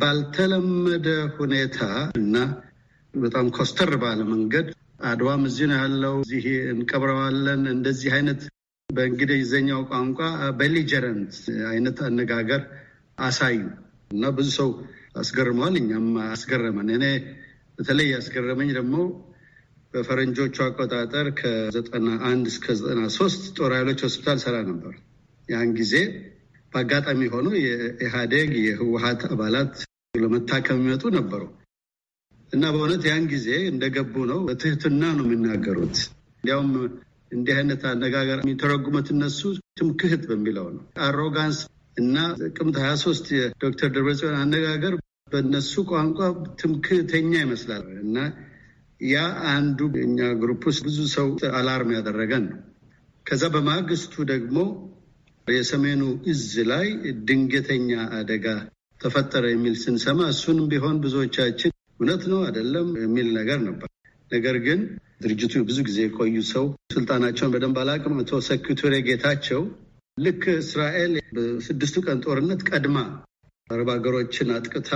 ባልተለመደ ሁኔታ እና በጣም ኮስተር ባለ መንገድ አድዋም እዚህ ነው ያለው፣ እዚህ እንቀብረዋለን፣ እንደዚህ አይነት በእንግሊዝኛው ቋንቋ በሊጀረንት አይነት አነጋገር አሳዩ እና ብዙ ሰው አስገርመዋል። እኛም አስገረመን። እኔ በተለይ ያስገረመኝ ደግሞ በፈረንጆቹ አቆጣጠር ከዘጠና አንድ እስከ ዘጠና ሶስት ጦር ኃይሎች ሆስፒታል ሰራ ነበር። ያን ጊዜ በአጋጣሚ የሆኑ የኢህአዴግ የህወሀት አባላት ለመታከም የሚመጡ ነበሩ እና በእውነት ያን ጊዜ እንደገቡ ነው በትህትና ነው የሚናገሩት። እንዲያውም እንዲህ አይነት አነጋገር የሚተረጉሙት እነሱ ትምክህት በሚለው ነው። አሮጋንስ እና ጥቅምት ሀያ ሶስት የዶክተር ደብረጽዮን አነጋገር በእነሱ ቋንቋ ትምክህተኛ ይመስላል እና ያ አንዱ እኛ ግሩፕ ውስጥ ብዙ ሰው አላርም ያደረገን ነው። ከዛ በማግስቱ ደግሞ የሰሜኑ እዝ ላይ ድንገተኛ አደጋ ተፈጠረ የሚል ስንሰማ እሱንም ቢሆን ብዙዎቻችን እውነት ነው አይደለም የሚል ነገር ነበር። ነገር ግን ድርጅቱ ብዙ ጊዜ የቆዩ ሰው ስልጣናቸውን በደንብ አላቅም፣ መቶ ሴኩሪቴሪ ጌታቸው ልክ እስራኤል በስድስቱ ቀን ጦርነት ቀድማ አረብ ሀገሮችን አጥቅታ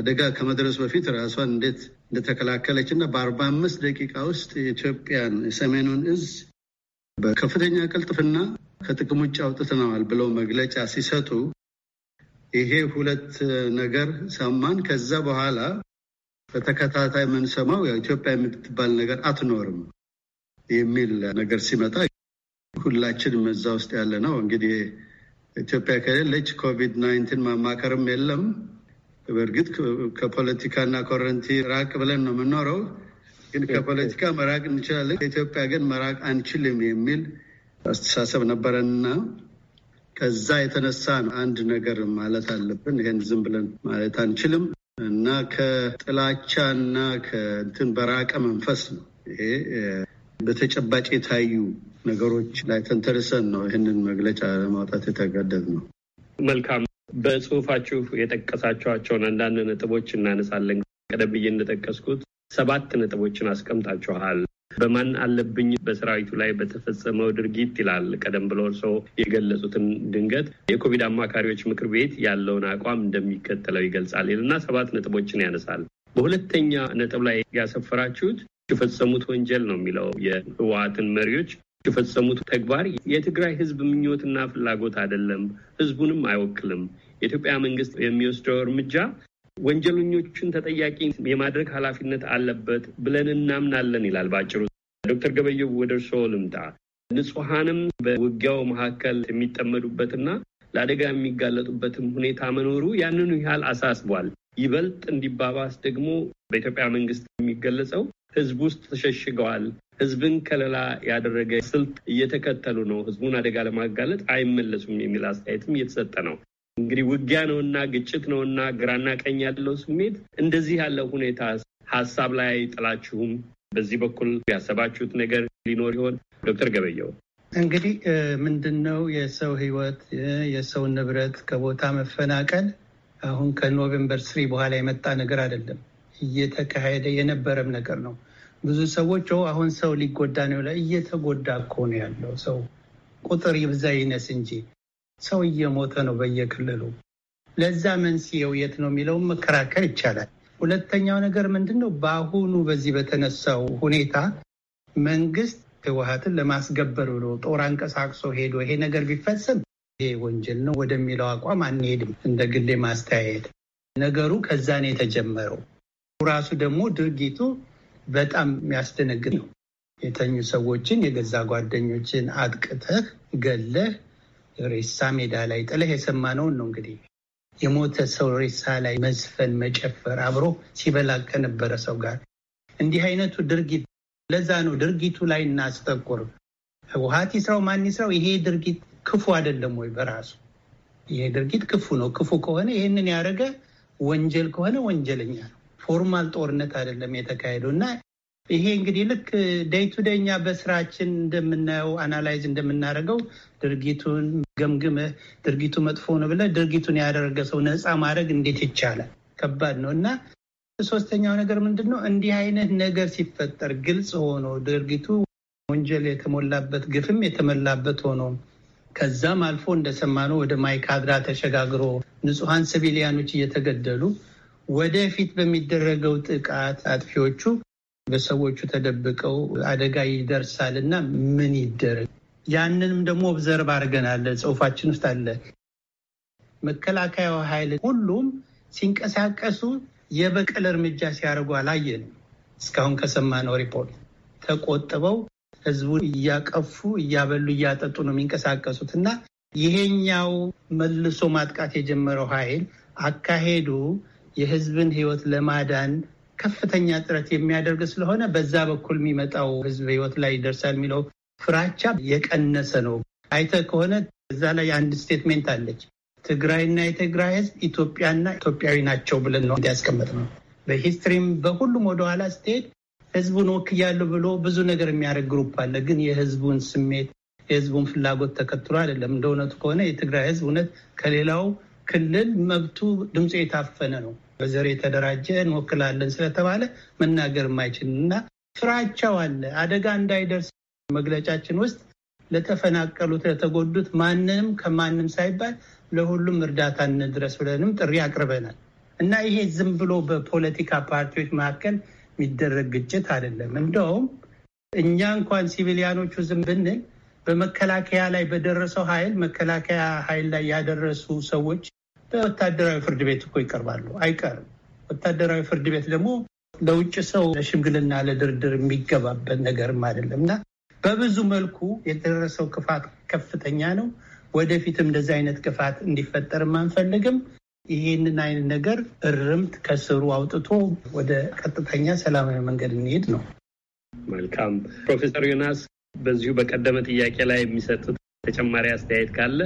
አደጋ ከመድረሱ በፊት ራሷን እንዴት እንደተከላከለች እና በአርባ አምስት ደቂቃ ውስጥ የኢትዮጵያን የሰሜኑን እዝ በከፍተኛ ቅልጥፍና ከጥቅም ውጭ አውጥተነዋል ብለው መግለጫ ሲሰጡ ይሄ ሁለት ነገር ሰማን። ከዛ በኋላ በተከታታይ የምንሰማው ኢትዮጵያ የምትባል ነገር አትኖርም የሚል ነገር ሲመጣ ሁላችንም እዛ ውስጥ ያለ ነው። እንግዲህ ኢትዮጵያ ከሌለች ኮቪድ ናይንቲን ማማከርም የለም በእርግጥ ከፖለቲካና ኮረንቲ ራቅ ብለን ነው የምኖረው ግን ከፖለቲካ መራቅ እንችላለን፣ ከኢትዮጵያ ግን መራቅ አንችልም የሚል አስተሳሰብ ነበረንና ከዛ የተነሳ ነው አንድ ነገር ማለት አለብን፣ ይህን ዝም ብለን ማለት አንችልም እና ከጥላቻ እና ከእንትን በራቀ መንፈስ ነው ይሄ በተጨባጭ የታዩ ነገሮች ላይ ተንተርሰን ነው ይህንን መግለጫ ለማውጣት የተጋደድ ነው። መልካም በጽሁፋችሁ የጠቀሳችኋቸውን አንዳንድ ነጥቦች እናነሳለን። ቀደም ብዬ እንደጠቀስኩት ሰባት ነጥቦችን አስቀምጣችኋል። በማን አለብኝ በሰራዊቱ ላይ በተፈጸመው ድርጊት ይላል። ቀደም ብሎ እርስዎ የገለጹትን ድንገት የኮቪድ አማካሪዎች ምክር ቤት ያለውን አቋም እንደሚከተለው ይገልጻል ይልና ሰባት ነጥቦችን ያነሳል። በሁለተኛ ነጥብ ላይ ያሰፈራችሁት የፈጸሙት ወንጀል ነው የሚለው የህወሀትን መሪዎች የፈጸሙት ተግባር የትግራይ ህዝብ ምኞትና ፍላጎት አይደለም፣ ህዝቡንም አይወክልም። የኢትዮጵያ መንግስት የሚወስደው እርምጃ ወንጀለኞቹን ተጠያቂ የማድረግ ኃላፊነት አለበት ብለን እናምናለን ይላል በአጭሩ። ዶክተር ገበየው ወደ እርስዎ ልምጣ። ንጹሐንም በውጊያው መካከል የሚጠመዱበትና ለአደጋ የሚጋለጡበትም ሁኔታ መኖሩ ያንኑ ያህል አሳስቧል። ይበልጥ እንዲባባስ ደግሞ በኢትዮጵያ መንግስት የሚገለጸው ህዝብ ውስጥ ተሸሽገዋል ህዝብን ከለላ ያደረገ ስልት እየተከተሉ ነው፣ ህዝቡን አደጋ ለማጋለጥ አይመለሱም የሚል አስተያየትም እየተሰጠ ነው። እንግዲህ ውጊያ ነውና ግጭት ነውና ግራና ቀኝ ያለው ስሜት እንደዚህ ያለው ሁኔታ ሀሳብ ላይ አይጥላችሁም? በዚህ በኩል ያሰባችሁት ነገር ሊኖር ይሆን? ዶክተር ገበየው እንግዲህ ምንድን ነው የሰው ህይወት የሰው ንብረት ከቦታ መፈናቀል አሁን ከኖቬምበር ስሪ በኋላ የመጣ ነገር አይደለም። እየተካሄደ የነበረም ነገር ነው። ብዙ ሰዎች አሁን ሰው ሊጎዳ ነው ላይ እየተጎዳ እኮ ነው ያለው ሰው ቁጥር ይብዛ ይነስ እንጂ ሰው እየሞተ ነው በየክልሉ። ለዛ መንስኤው የት ነው የሚለውን መከራከር ይቻላል። ሁለተኛው ነገር ምንድን ነው? በአሁኑ በዚህ በተነሳው ሁኔታ መንግስት ህወሀትን ለማስገበር ብሎ ጦር አንቀሳቅሶ ሄዶ ይሄ ነገር ቢፈጸም ይሄ ወንጀል ነው ወደሚለው አቋም አንሄድም። እንደ ግሌ ማስተያየት ነገሩ ከዛ ነው የተጀመረው። ራሱ ደግሞ ድርጊቱ በጣም የሚያስደነግጥ ነው። የተኙ ሰዎችን የገዛ ጓደኞችን አጥቅተህ ገለህ ሬሳ ሜዳ ላይ ጥለህ የሰማነውን ነው እንግዲህ የሞተ ሰው ሬሳ ላይ መዝፈን፣ መጨፈር አብሮ ሲበላ ከነበረ ሰው ጋር እንዲህ አይነቱ ድርጊት ለዛ ነው ድርጊቱ ላይ እናስጠቁር። ህወሓት ይስራው ማን ይስራው ይሄ ድርጊት ክፉ አይደለም ወይ? በራሱ ይሄ ድርጊት ክፉ ነው። ክፉ ከሆነ ይህንን ያደረገ ወንጀል ከሆነ ወንጀለኛ ነው። ፎርማል ጦርነት አይደለም የተካሄደው እና ይሄ እንግዲህ ልክ ደይ ቱ ደይ እኛ በስራችን እንደምናየው አናላይዝ እንደምናደርገው ድርጊቱን ገምግመህ ድርጊቱ መጥፎ ነው ብለህ ድርጊቱን ያደረገ ሰው ነፃ ማድረግ እንዴት ይቻላል? ከባድ ነው እና ሶስተኛው ነገር ምንድን ነው? እንዲህ አይነት ነገር ሲፈጠር ግልጽ ሆኖ ድርጊቱ ወንጀል የተሞላበት ግፍም የተሞላበት ሆኖ ከዛም አልፎ እንደሰማነው ወደ ማይካድራ ተሸጋግሮ ንጹሐን ሲቪሊያኖች እየተገደሉ ወደፊት በሚደረገው ጥቃት አጥፊዎቹ በሰዎቹ ተደብቀው አደጋ ይደርሳል እና ምን ይደረግ? ያንንም ደግሞ ኦብዘርቭ አድርገናል። ጽሁፋችን ውስጥ አለ። መከላከያው ኃይል ሁሉም ሲንቀሳቀሱ የበቀል እርምጃ ሲያደርጉ አላየንም። እስካሁን ከሰማነው ሪፖርት ተቆጥበው ህዝቡን እያቀፉ እያበሉ እያጠጡ ነው የሚንቀሳቀሱት እና ይሄኛው መልሶ ማጥቃት የጀመረው ኃይል አካሄዱ የህዝብን ህይወት ለማዳን ከፍተኛ ጥረት የሚያደርግ ስለሆነ በዛ በኩል የሚመጣው ህዝብ ህይወት ላይ ይደርሳል የሚለው ፍራቻ የቀነሰ ነው። አይተ ከሆነ እዛ ላይ አንድ ስቴትሜንት አለች። ትግራይና የትግራይ ህዝብ ኢትዮጵያና ኢትዮጵያዊ ናቸው ብለን ነው እንዲያስቀምጥ ነው። በሂስትሪም በሁሉም ወደኋላ ስትሄድ ህዝቡን ወክያለሁ ብሎ ብዙ ነገር የሚያደርግ ግሩፕ አለ። ግን የህዝቡን ስሜት የህዝቡን ፍላጎት ተከትሎ አይደለም። እንደ እውነቱ ከሆነ የትግራይ ህዝብ እውነት ከሌላው ክልል መብቱ ድምፁ የታፈነ ነው። በዘር የተደራጀ እንወክላለን ስለተባለ መናገር የማይችል እና ፍራቻው አለ። አደጋ እንዳይደርስ መግለጫችን ውስጥ ለተፈናቀሉት፣ ለተጎዱት ማንንም ከማንም ሳይባል ለሁሉም እርዳታ እንድረስ ብለንም ጥሪ አቅርበናል እና ይሄ ዝም ብሎ በፖለቲካ ፓርቲዎች መካከል የሚደረግ ግጭት አይደለም። እንደውም እኛ እንኳን ሲቪሊያኖቹ ዝም ብንል በመከላከያ ላይ በደረሰው ኃይል መከላከያ ኃይል ላይ ያደረሱ ሰዎች በወታደራዊ ፍርድ ቤት እኮ ይቀርባሉ። አይቀርም። ወታደራዊ ፍርድ ቤት ደግሞ ለውጭ ሰው ለሽምግልና ለድርድር የሚገባበት ነገርም አይደለም እና በብዙ መልኩ የደረሰው ክፋት ከፍተኛ ነው። ወደፊትም እንደዚህ አይነት ክፋት እንዲፈጠርም አንፈልግም። ይህንን አይነት ነገር እርምት ከስሩ አውጥቶ ወደ ቀጥተኛ ሰላማዊ መንገድ እንሄድ ነው። መልካም ፕሮፌሰር ዮናስ በዚሁ በቀደመ ጥያቄ ላይ የሚሰጡት ተጨማሪ አስተያየት ካለ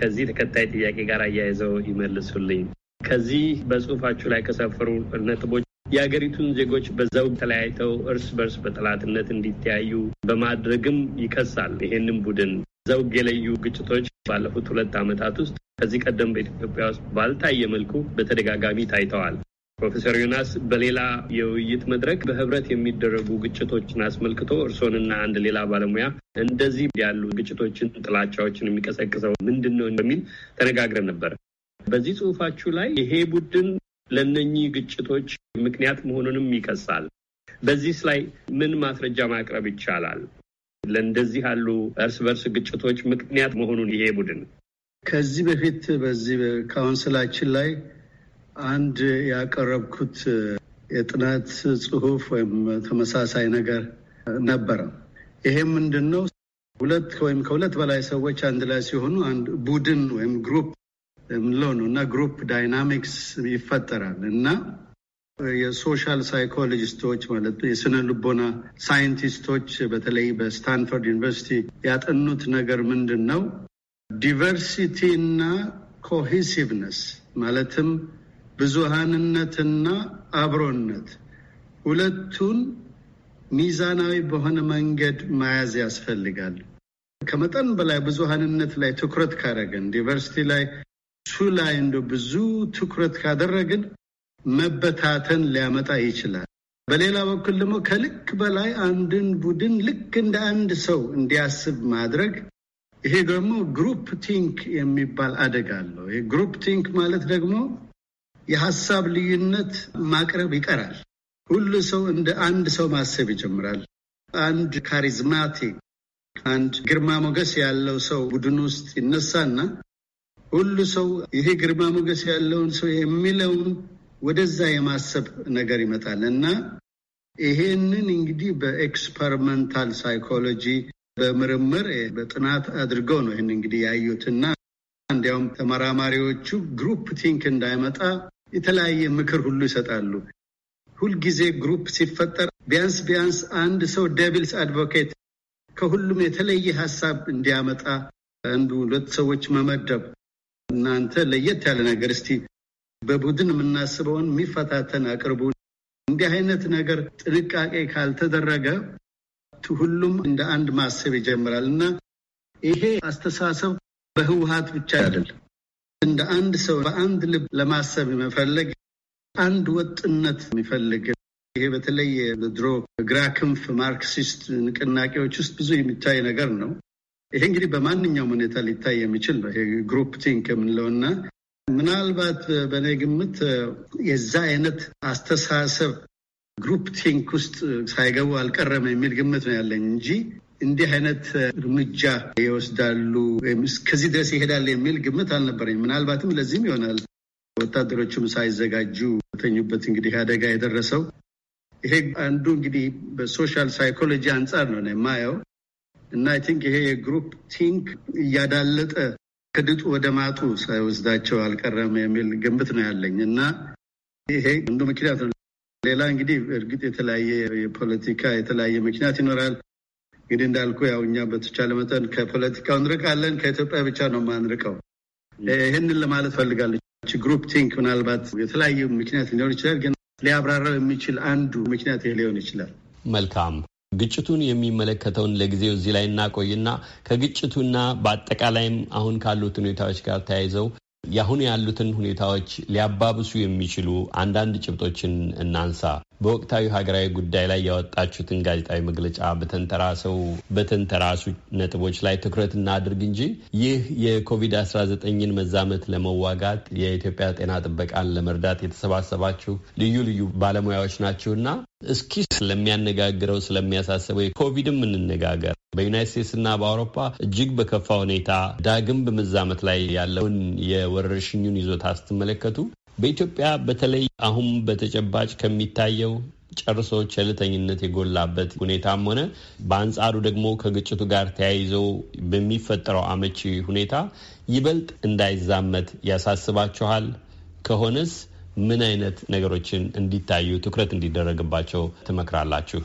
ከዚህ ተከታይ ጥያቄ ጋር አያይዘው ይመልሱልኝ። ከዚህ በጽሁፋችሁ ላይ ከሰፈሩ ነጥቦች የሀገሪቱን ዜጎች በዛው ተለያይተው እርስ በርስ በጠላትነት እንዲተያዩ በማድረግም ይከሳል። ይሄንን ቡድን ዘውግ የለዩ ግጭቶች ባለፉት ሁለት ዓመታት ውስጥ ከዚህ ቀደም በኢትዮጵያ ውስጥ ባልታየ መልኩ በተደጋጋሚ ታይተዋል። ፕሮፌሰር ዮናስ በሌላ የውይይት መድረክ በህብረት የሚደረጉ ግጭቶችን አስመልክቶ እርስዎንና አንድ ሌላ ባለሙያ እንደዚህ ያሉ ግጭቶችን፣ ጥላቻዎችን የሚቀሰቅሰው ምንድን ነው በሚል ተነጋግረን ነበር። በዚህ ጽሁፋችሁ ላይ ይሄ ቡድን ለነኚህ ግጭቶች ምክንያት መሆኑንም ይከሳል። በዚህስ ላይ ምን ማስረጃ ማቅረብ ይቻላል? ለእንደዚህ ያሉ እርስ በርስ ግጭቶች ምክንያት መሆኑን ይሄ ቡድን ከዚህ በፊት በዚህ ካውንስላችን ላይ አንድ ያቀረብኩት የጥናት ጽሁፍ ወይም ተመሳሳይ ነገር ነበረ። ይሄ ምንድን ነው? ሁለት ወይም ከሁለት በላይ ሰዎች አንድ ላይ ሲሆኑ አንድ ቡድን ወይም ግሩፕ የምንለው ነው እና ግሩፕ ዳይናሚክስ ይፈጠራል እና የሶሻል ሳይኮሎጂስቶች ማለት የስነ ልቦና ሳይንቲስቶች በተለይ በስታንፎርድ ዩኒቨርሲቲ ያጠኑት ነገር ምንድን ነው? ዲቨርሲቲ እና ኮሂሲቭነስ ማለትም ብዙሃንነትና አብሮነት ሁለቱን ሚዛናዊ በሆነ መንገድ መያዝ ያስፈልጋል። ከመጠን በላይ ብዙሃንነት ላይ ትኩረት ካደረግን፣ ዲቨርሲቲ ላይ እሱ ላይ እንደ ብዙ ትኩረት ካደረግን መበታተን ሊያመጣ ይችላል። በሌላ በኩል ደግሞ ከልክ በላይ አንድን ቡድን ልክ እንደ አንድ ሰው እንዲያስብ ማድረግ ይሄ ደግሞ ግሩፕ ቲንክ የሚባል አደጋ አለው። ይሄ ግሩፕ ቲንክ ማለት ደግሞ የሀሳብ ልዩነት ማቅረብ ይቀራል። ሁሉ ሰው እንደ አንድ ሰው ማሰብ ይጀምራል። አንድ ካሪዝማቲክ፣ አንድ ግርማ ሞገስ ያለው ሰው ቡድን ውስጥ ይነሳና ሁሉ ሰው ይሄ ግርማ ሞገስ ያለውን ሰው የሚለውን ወደዛ የማሰብ ነገር ይመጣል እና ይሄንን እንግዲህ በኤክስፐሪመንታል ሳይኮሎጂ በምርምር በጥናት አድርገው ነው ይህን እንግዲህ ያዩትና እንዲያውም ተመራማሪዎቹ ግሩፕ ቲንክ እንዳይመጣ የተለያየ ምክር ሁሉ ይሰጣሉ። ሁልጊዜ ግሩፕ ሲፈጠር ቢያንስ ቢያንስ አንድ ሰው ደቢልስ አድቮኬት ከሁሉም የተለየ ሀሳብ እንዲያመጣ አንዱ ሁለት ሰዎች መመደብ፣ እናንተ ለየት ያለ ነገር እስቲ በቡድን የምናስበውን የሚፈታተን አቅርቡ። እንዲህ አይነት ነገር ጥንቃቄ ካልተደረገ ሁሉም እንደ አንድ ማሰብ ይጀምራል እና ይሄ አስተሳሰብ በህወሀት ብቻ አይደለም። እንደ አንድ ሰው በአንድ ልብ ለማሰብ የመፈለግ አንድ ወጥነት የሚፈልግ ይሄ በተለይ ድሮ ግራ ክንፍ ማርክሲስት ንቅናቄዎች ውስጥ ብዙ የሚታይ ነገር ነው። ይሄ እንግዲህ በማንኛውም ሁኔታ ሊታይ የሚችል ነው። ይሄ ግሩፕ ቲንክ የምንለው እና ምናልባት በእኔ ግምት የዛ አይነት አስተሳሰብ ግሩፕ ቲንክ ውስጥ ሳይገቡ አልቀረም የሚል ግምት ነው ያለኝ እንጂ እንዲህ አይነት እርምጃ ይወስዳሉ ወይም እስከዚህ ድረስ ይሄዳል የሚል ግምት አልነበረኝ። ምናልባትም ለዚህም ይሆናል ወታደሮቹም ሳይዘጋጁ ተኙበት እንግዲህ አደጋ የደረሰው ይሄ አንዱ እንግዲህ በሶሻል ሳይኮሎጂ አንጻር ነው የማየው እና አይ ቲንክ ይሄ የግሩፕ ቲንክ እያዳለጠ ከድጡ ወደ ማጡ ሳይወስዳቸው አልቀረም የሚል ግምት ነው ያለኝ እና ይሄ አንዱ ምክንያት ነው። ሌላ እንግዲህ እርግጥ የተለያየ የፖለቲካ የተለያየ ምክንያት ይኖራል። እንግዲህ እንዳልኩ ያው እኛ በተቻለ መጠን ከፖለቲካው እንርቃለን። ከኢትዮጵያ ብቻ ነው የማንርቀው። ይህንን ለማለት ፈልጋለች። ግሩፕ ቲንክ ምናልባት የተለያዩ ምክንያት ሊኖር ይችላል፣ ግን ሊያብራራው የሚችል አንዱ ምክንያት ይህ ሊሆን ይችላል። መልካም ግጭቱን የሚመለከተውን ለጊዜው እዚህ ላይ እናቆይና ከግጭቱና በአጠቃላይም አሁን ካሉት ሁኔታዎች ጋር ተያይዘው የአሁን ያሉትን ሁኔታዎች ሊያባብሱ የሚችሉ አንዳንድ ጭብጦችን እናንሳ። በወቅታዊ ሀገራዊ ጉዳይ ላይ ያወጣችሁትን ጋዜጣዊ መግለጫ በተንተራሰው በተንተራሱ ነጥቦች ላይ ትኩረት እናድርግ እንጂ ይህ የኮቪድ-19ን መዛመት ለመዋጋት የኢትዮጵያ ጤና ጥበቃን ለመርዳት የተሰባሰባችሁ ልዩ ልዩ ባለሙያዎች ናችሁና እስኪ ስለሚያነጋግረው ስለሚያሳስበው የኮቪድም እንነጋገር። በዩናይት ስቴትስ እና በአውሮፓ እጅግ በከፋ ሁኔታ ዳግም በመዛመት ላይ ያለውን የወረርሽኙን ይዞታ ስትመለከቱ በኢትዮጵያ በተለይ አሁን በተጨባጭ ከሚታየው ጨርሶ ቸልተኝነት የጎላበት ሁኔታም ሆነ በአንጻሩ ደግሞ ከግጭቱ ጋር ተያይዘው በሚፈጠረው አመቺ ሁኔታ ይበልጥ እንዳይዛመት ያሳስባችኋል? ከሆነስ ምን አይነት ነገሮችን እንዲታዩ ትኩረት እንዲደረግባቸው ትመክራላችሁ?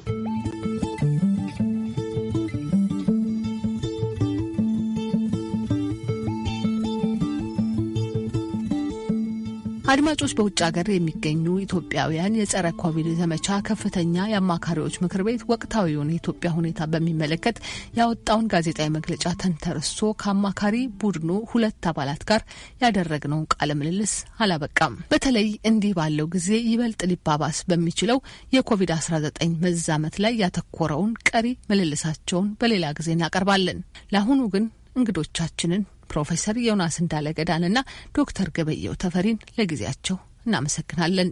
አድማጮች፣ በውጭ ሀገር የሚገኙ ኢትዮጵያውያን የጸረ ኮቪድ ዘመቻ ከፍተኛ የአማካሪዎች ምክር ቤት ወቅታዊውን የኢትዮጵያ ሁኔታ በሚመለከት ያወጣውን ጋዜጣዊ መግለጫ ተንተርሶ ከአማካሪ ቡድኑ ሁለት አባላት ጋር ያደረግነውን ቃለ ምልልስ አላበቃም። በተለይ እንዲህ ባለው ጊዜ ይበልጥ ሊባባስ በሚችለው የኮቪድ-19 መዛመት ላይ ያተኮረውን ቀሪ ምልልሳቸውን በሌላ ጊዜ እናቀርባለን። ለአሁኑ ግን እንግዶቻችንን ፕሮፌሰር ዮናስ እንዳለገዳንና ዶክተር ገበየው ተፈሪን ለጊዜያቸው እናመሰግናለን።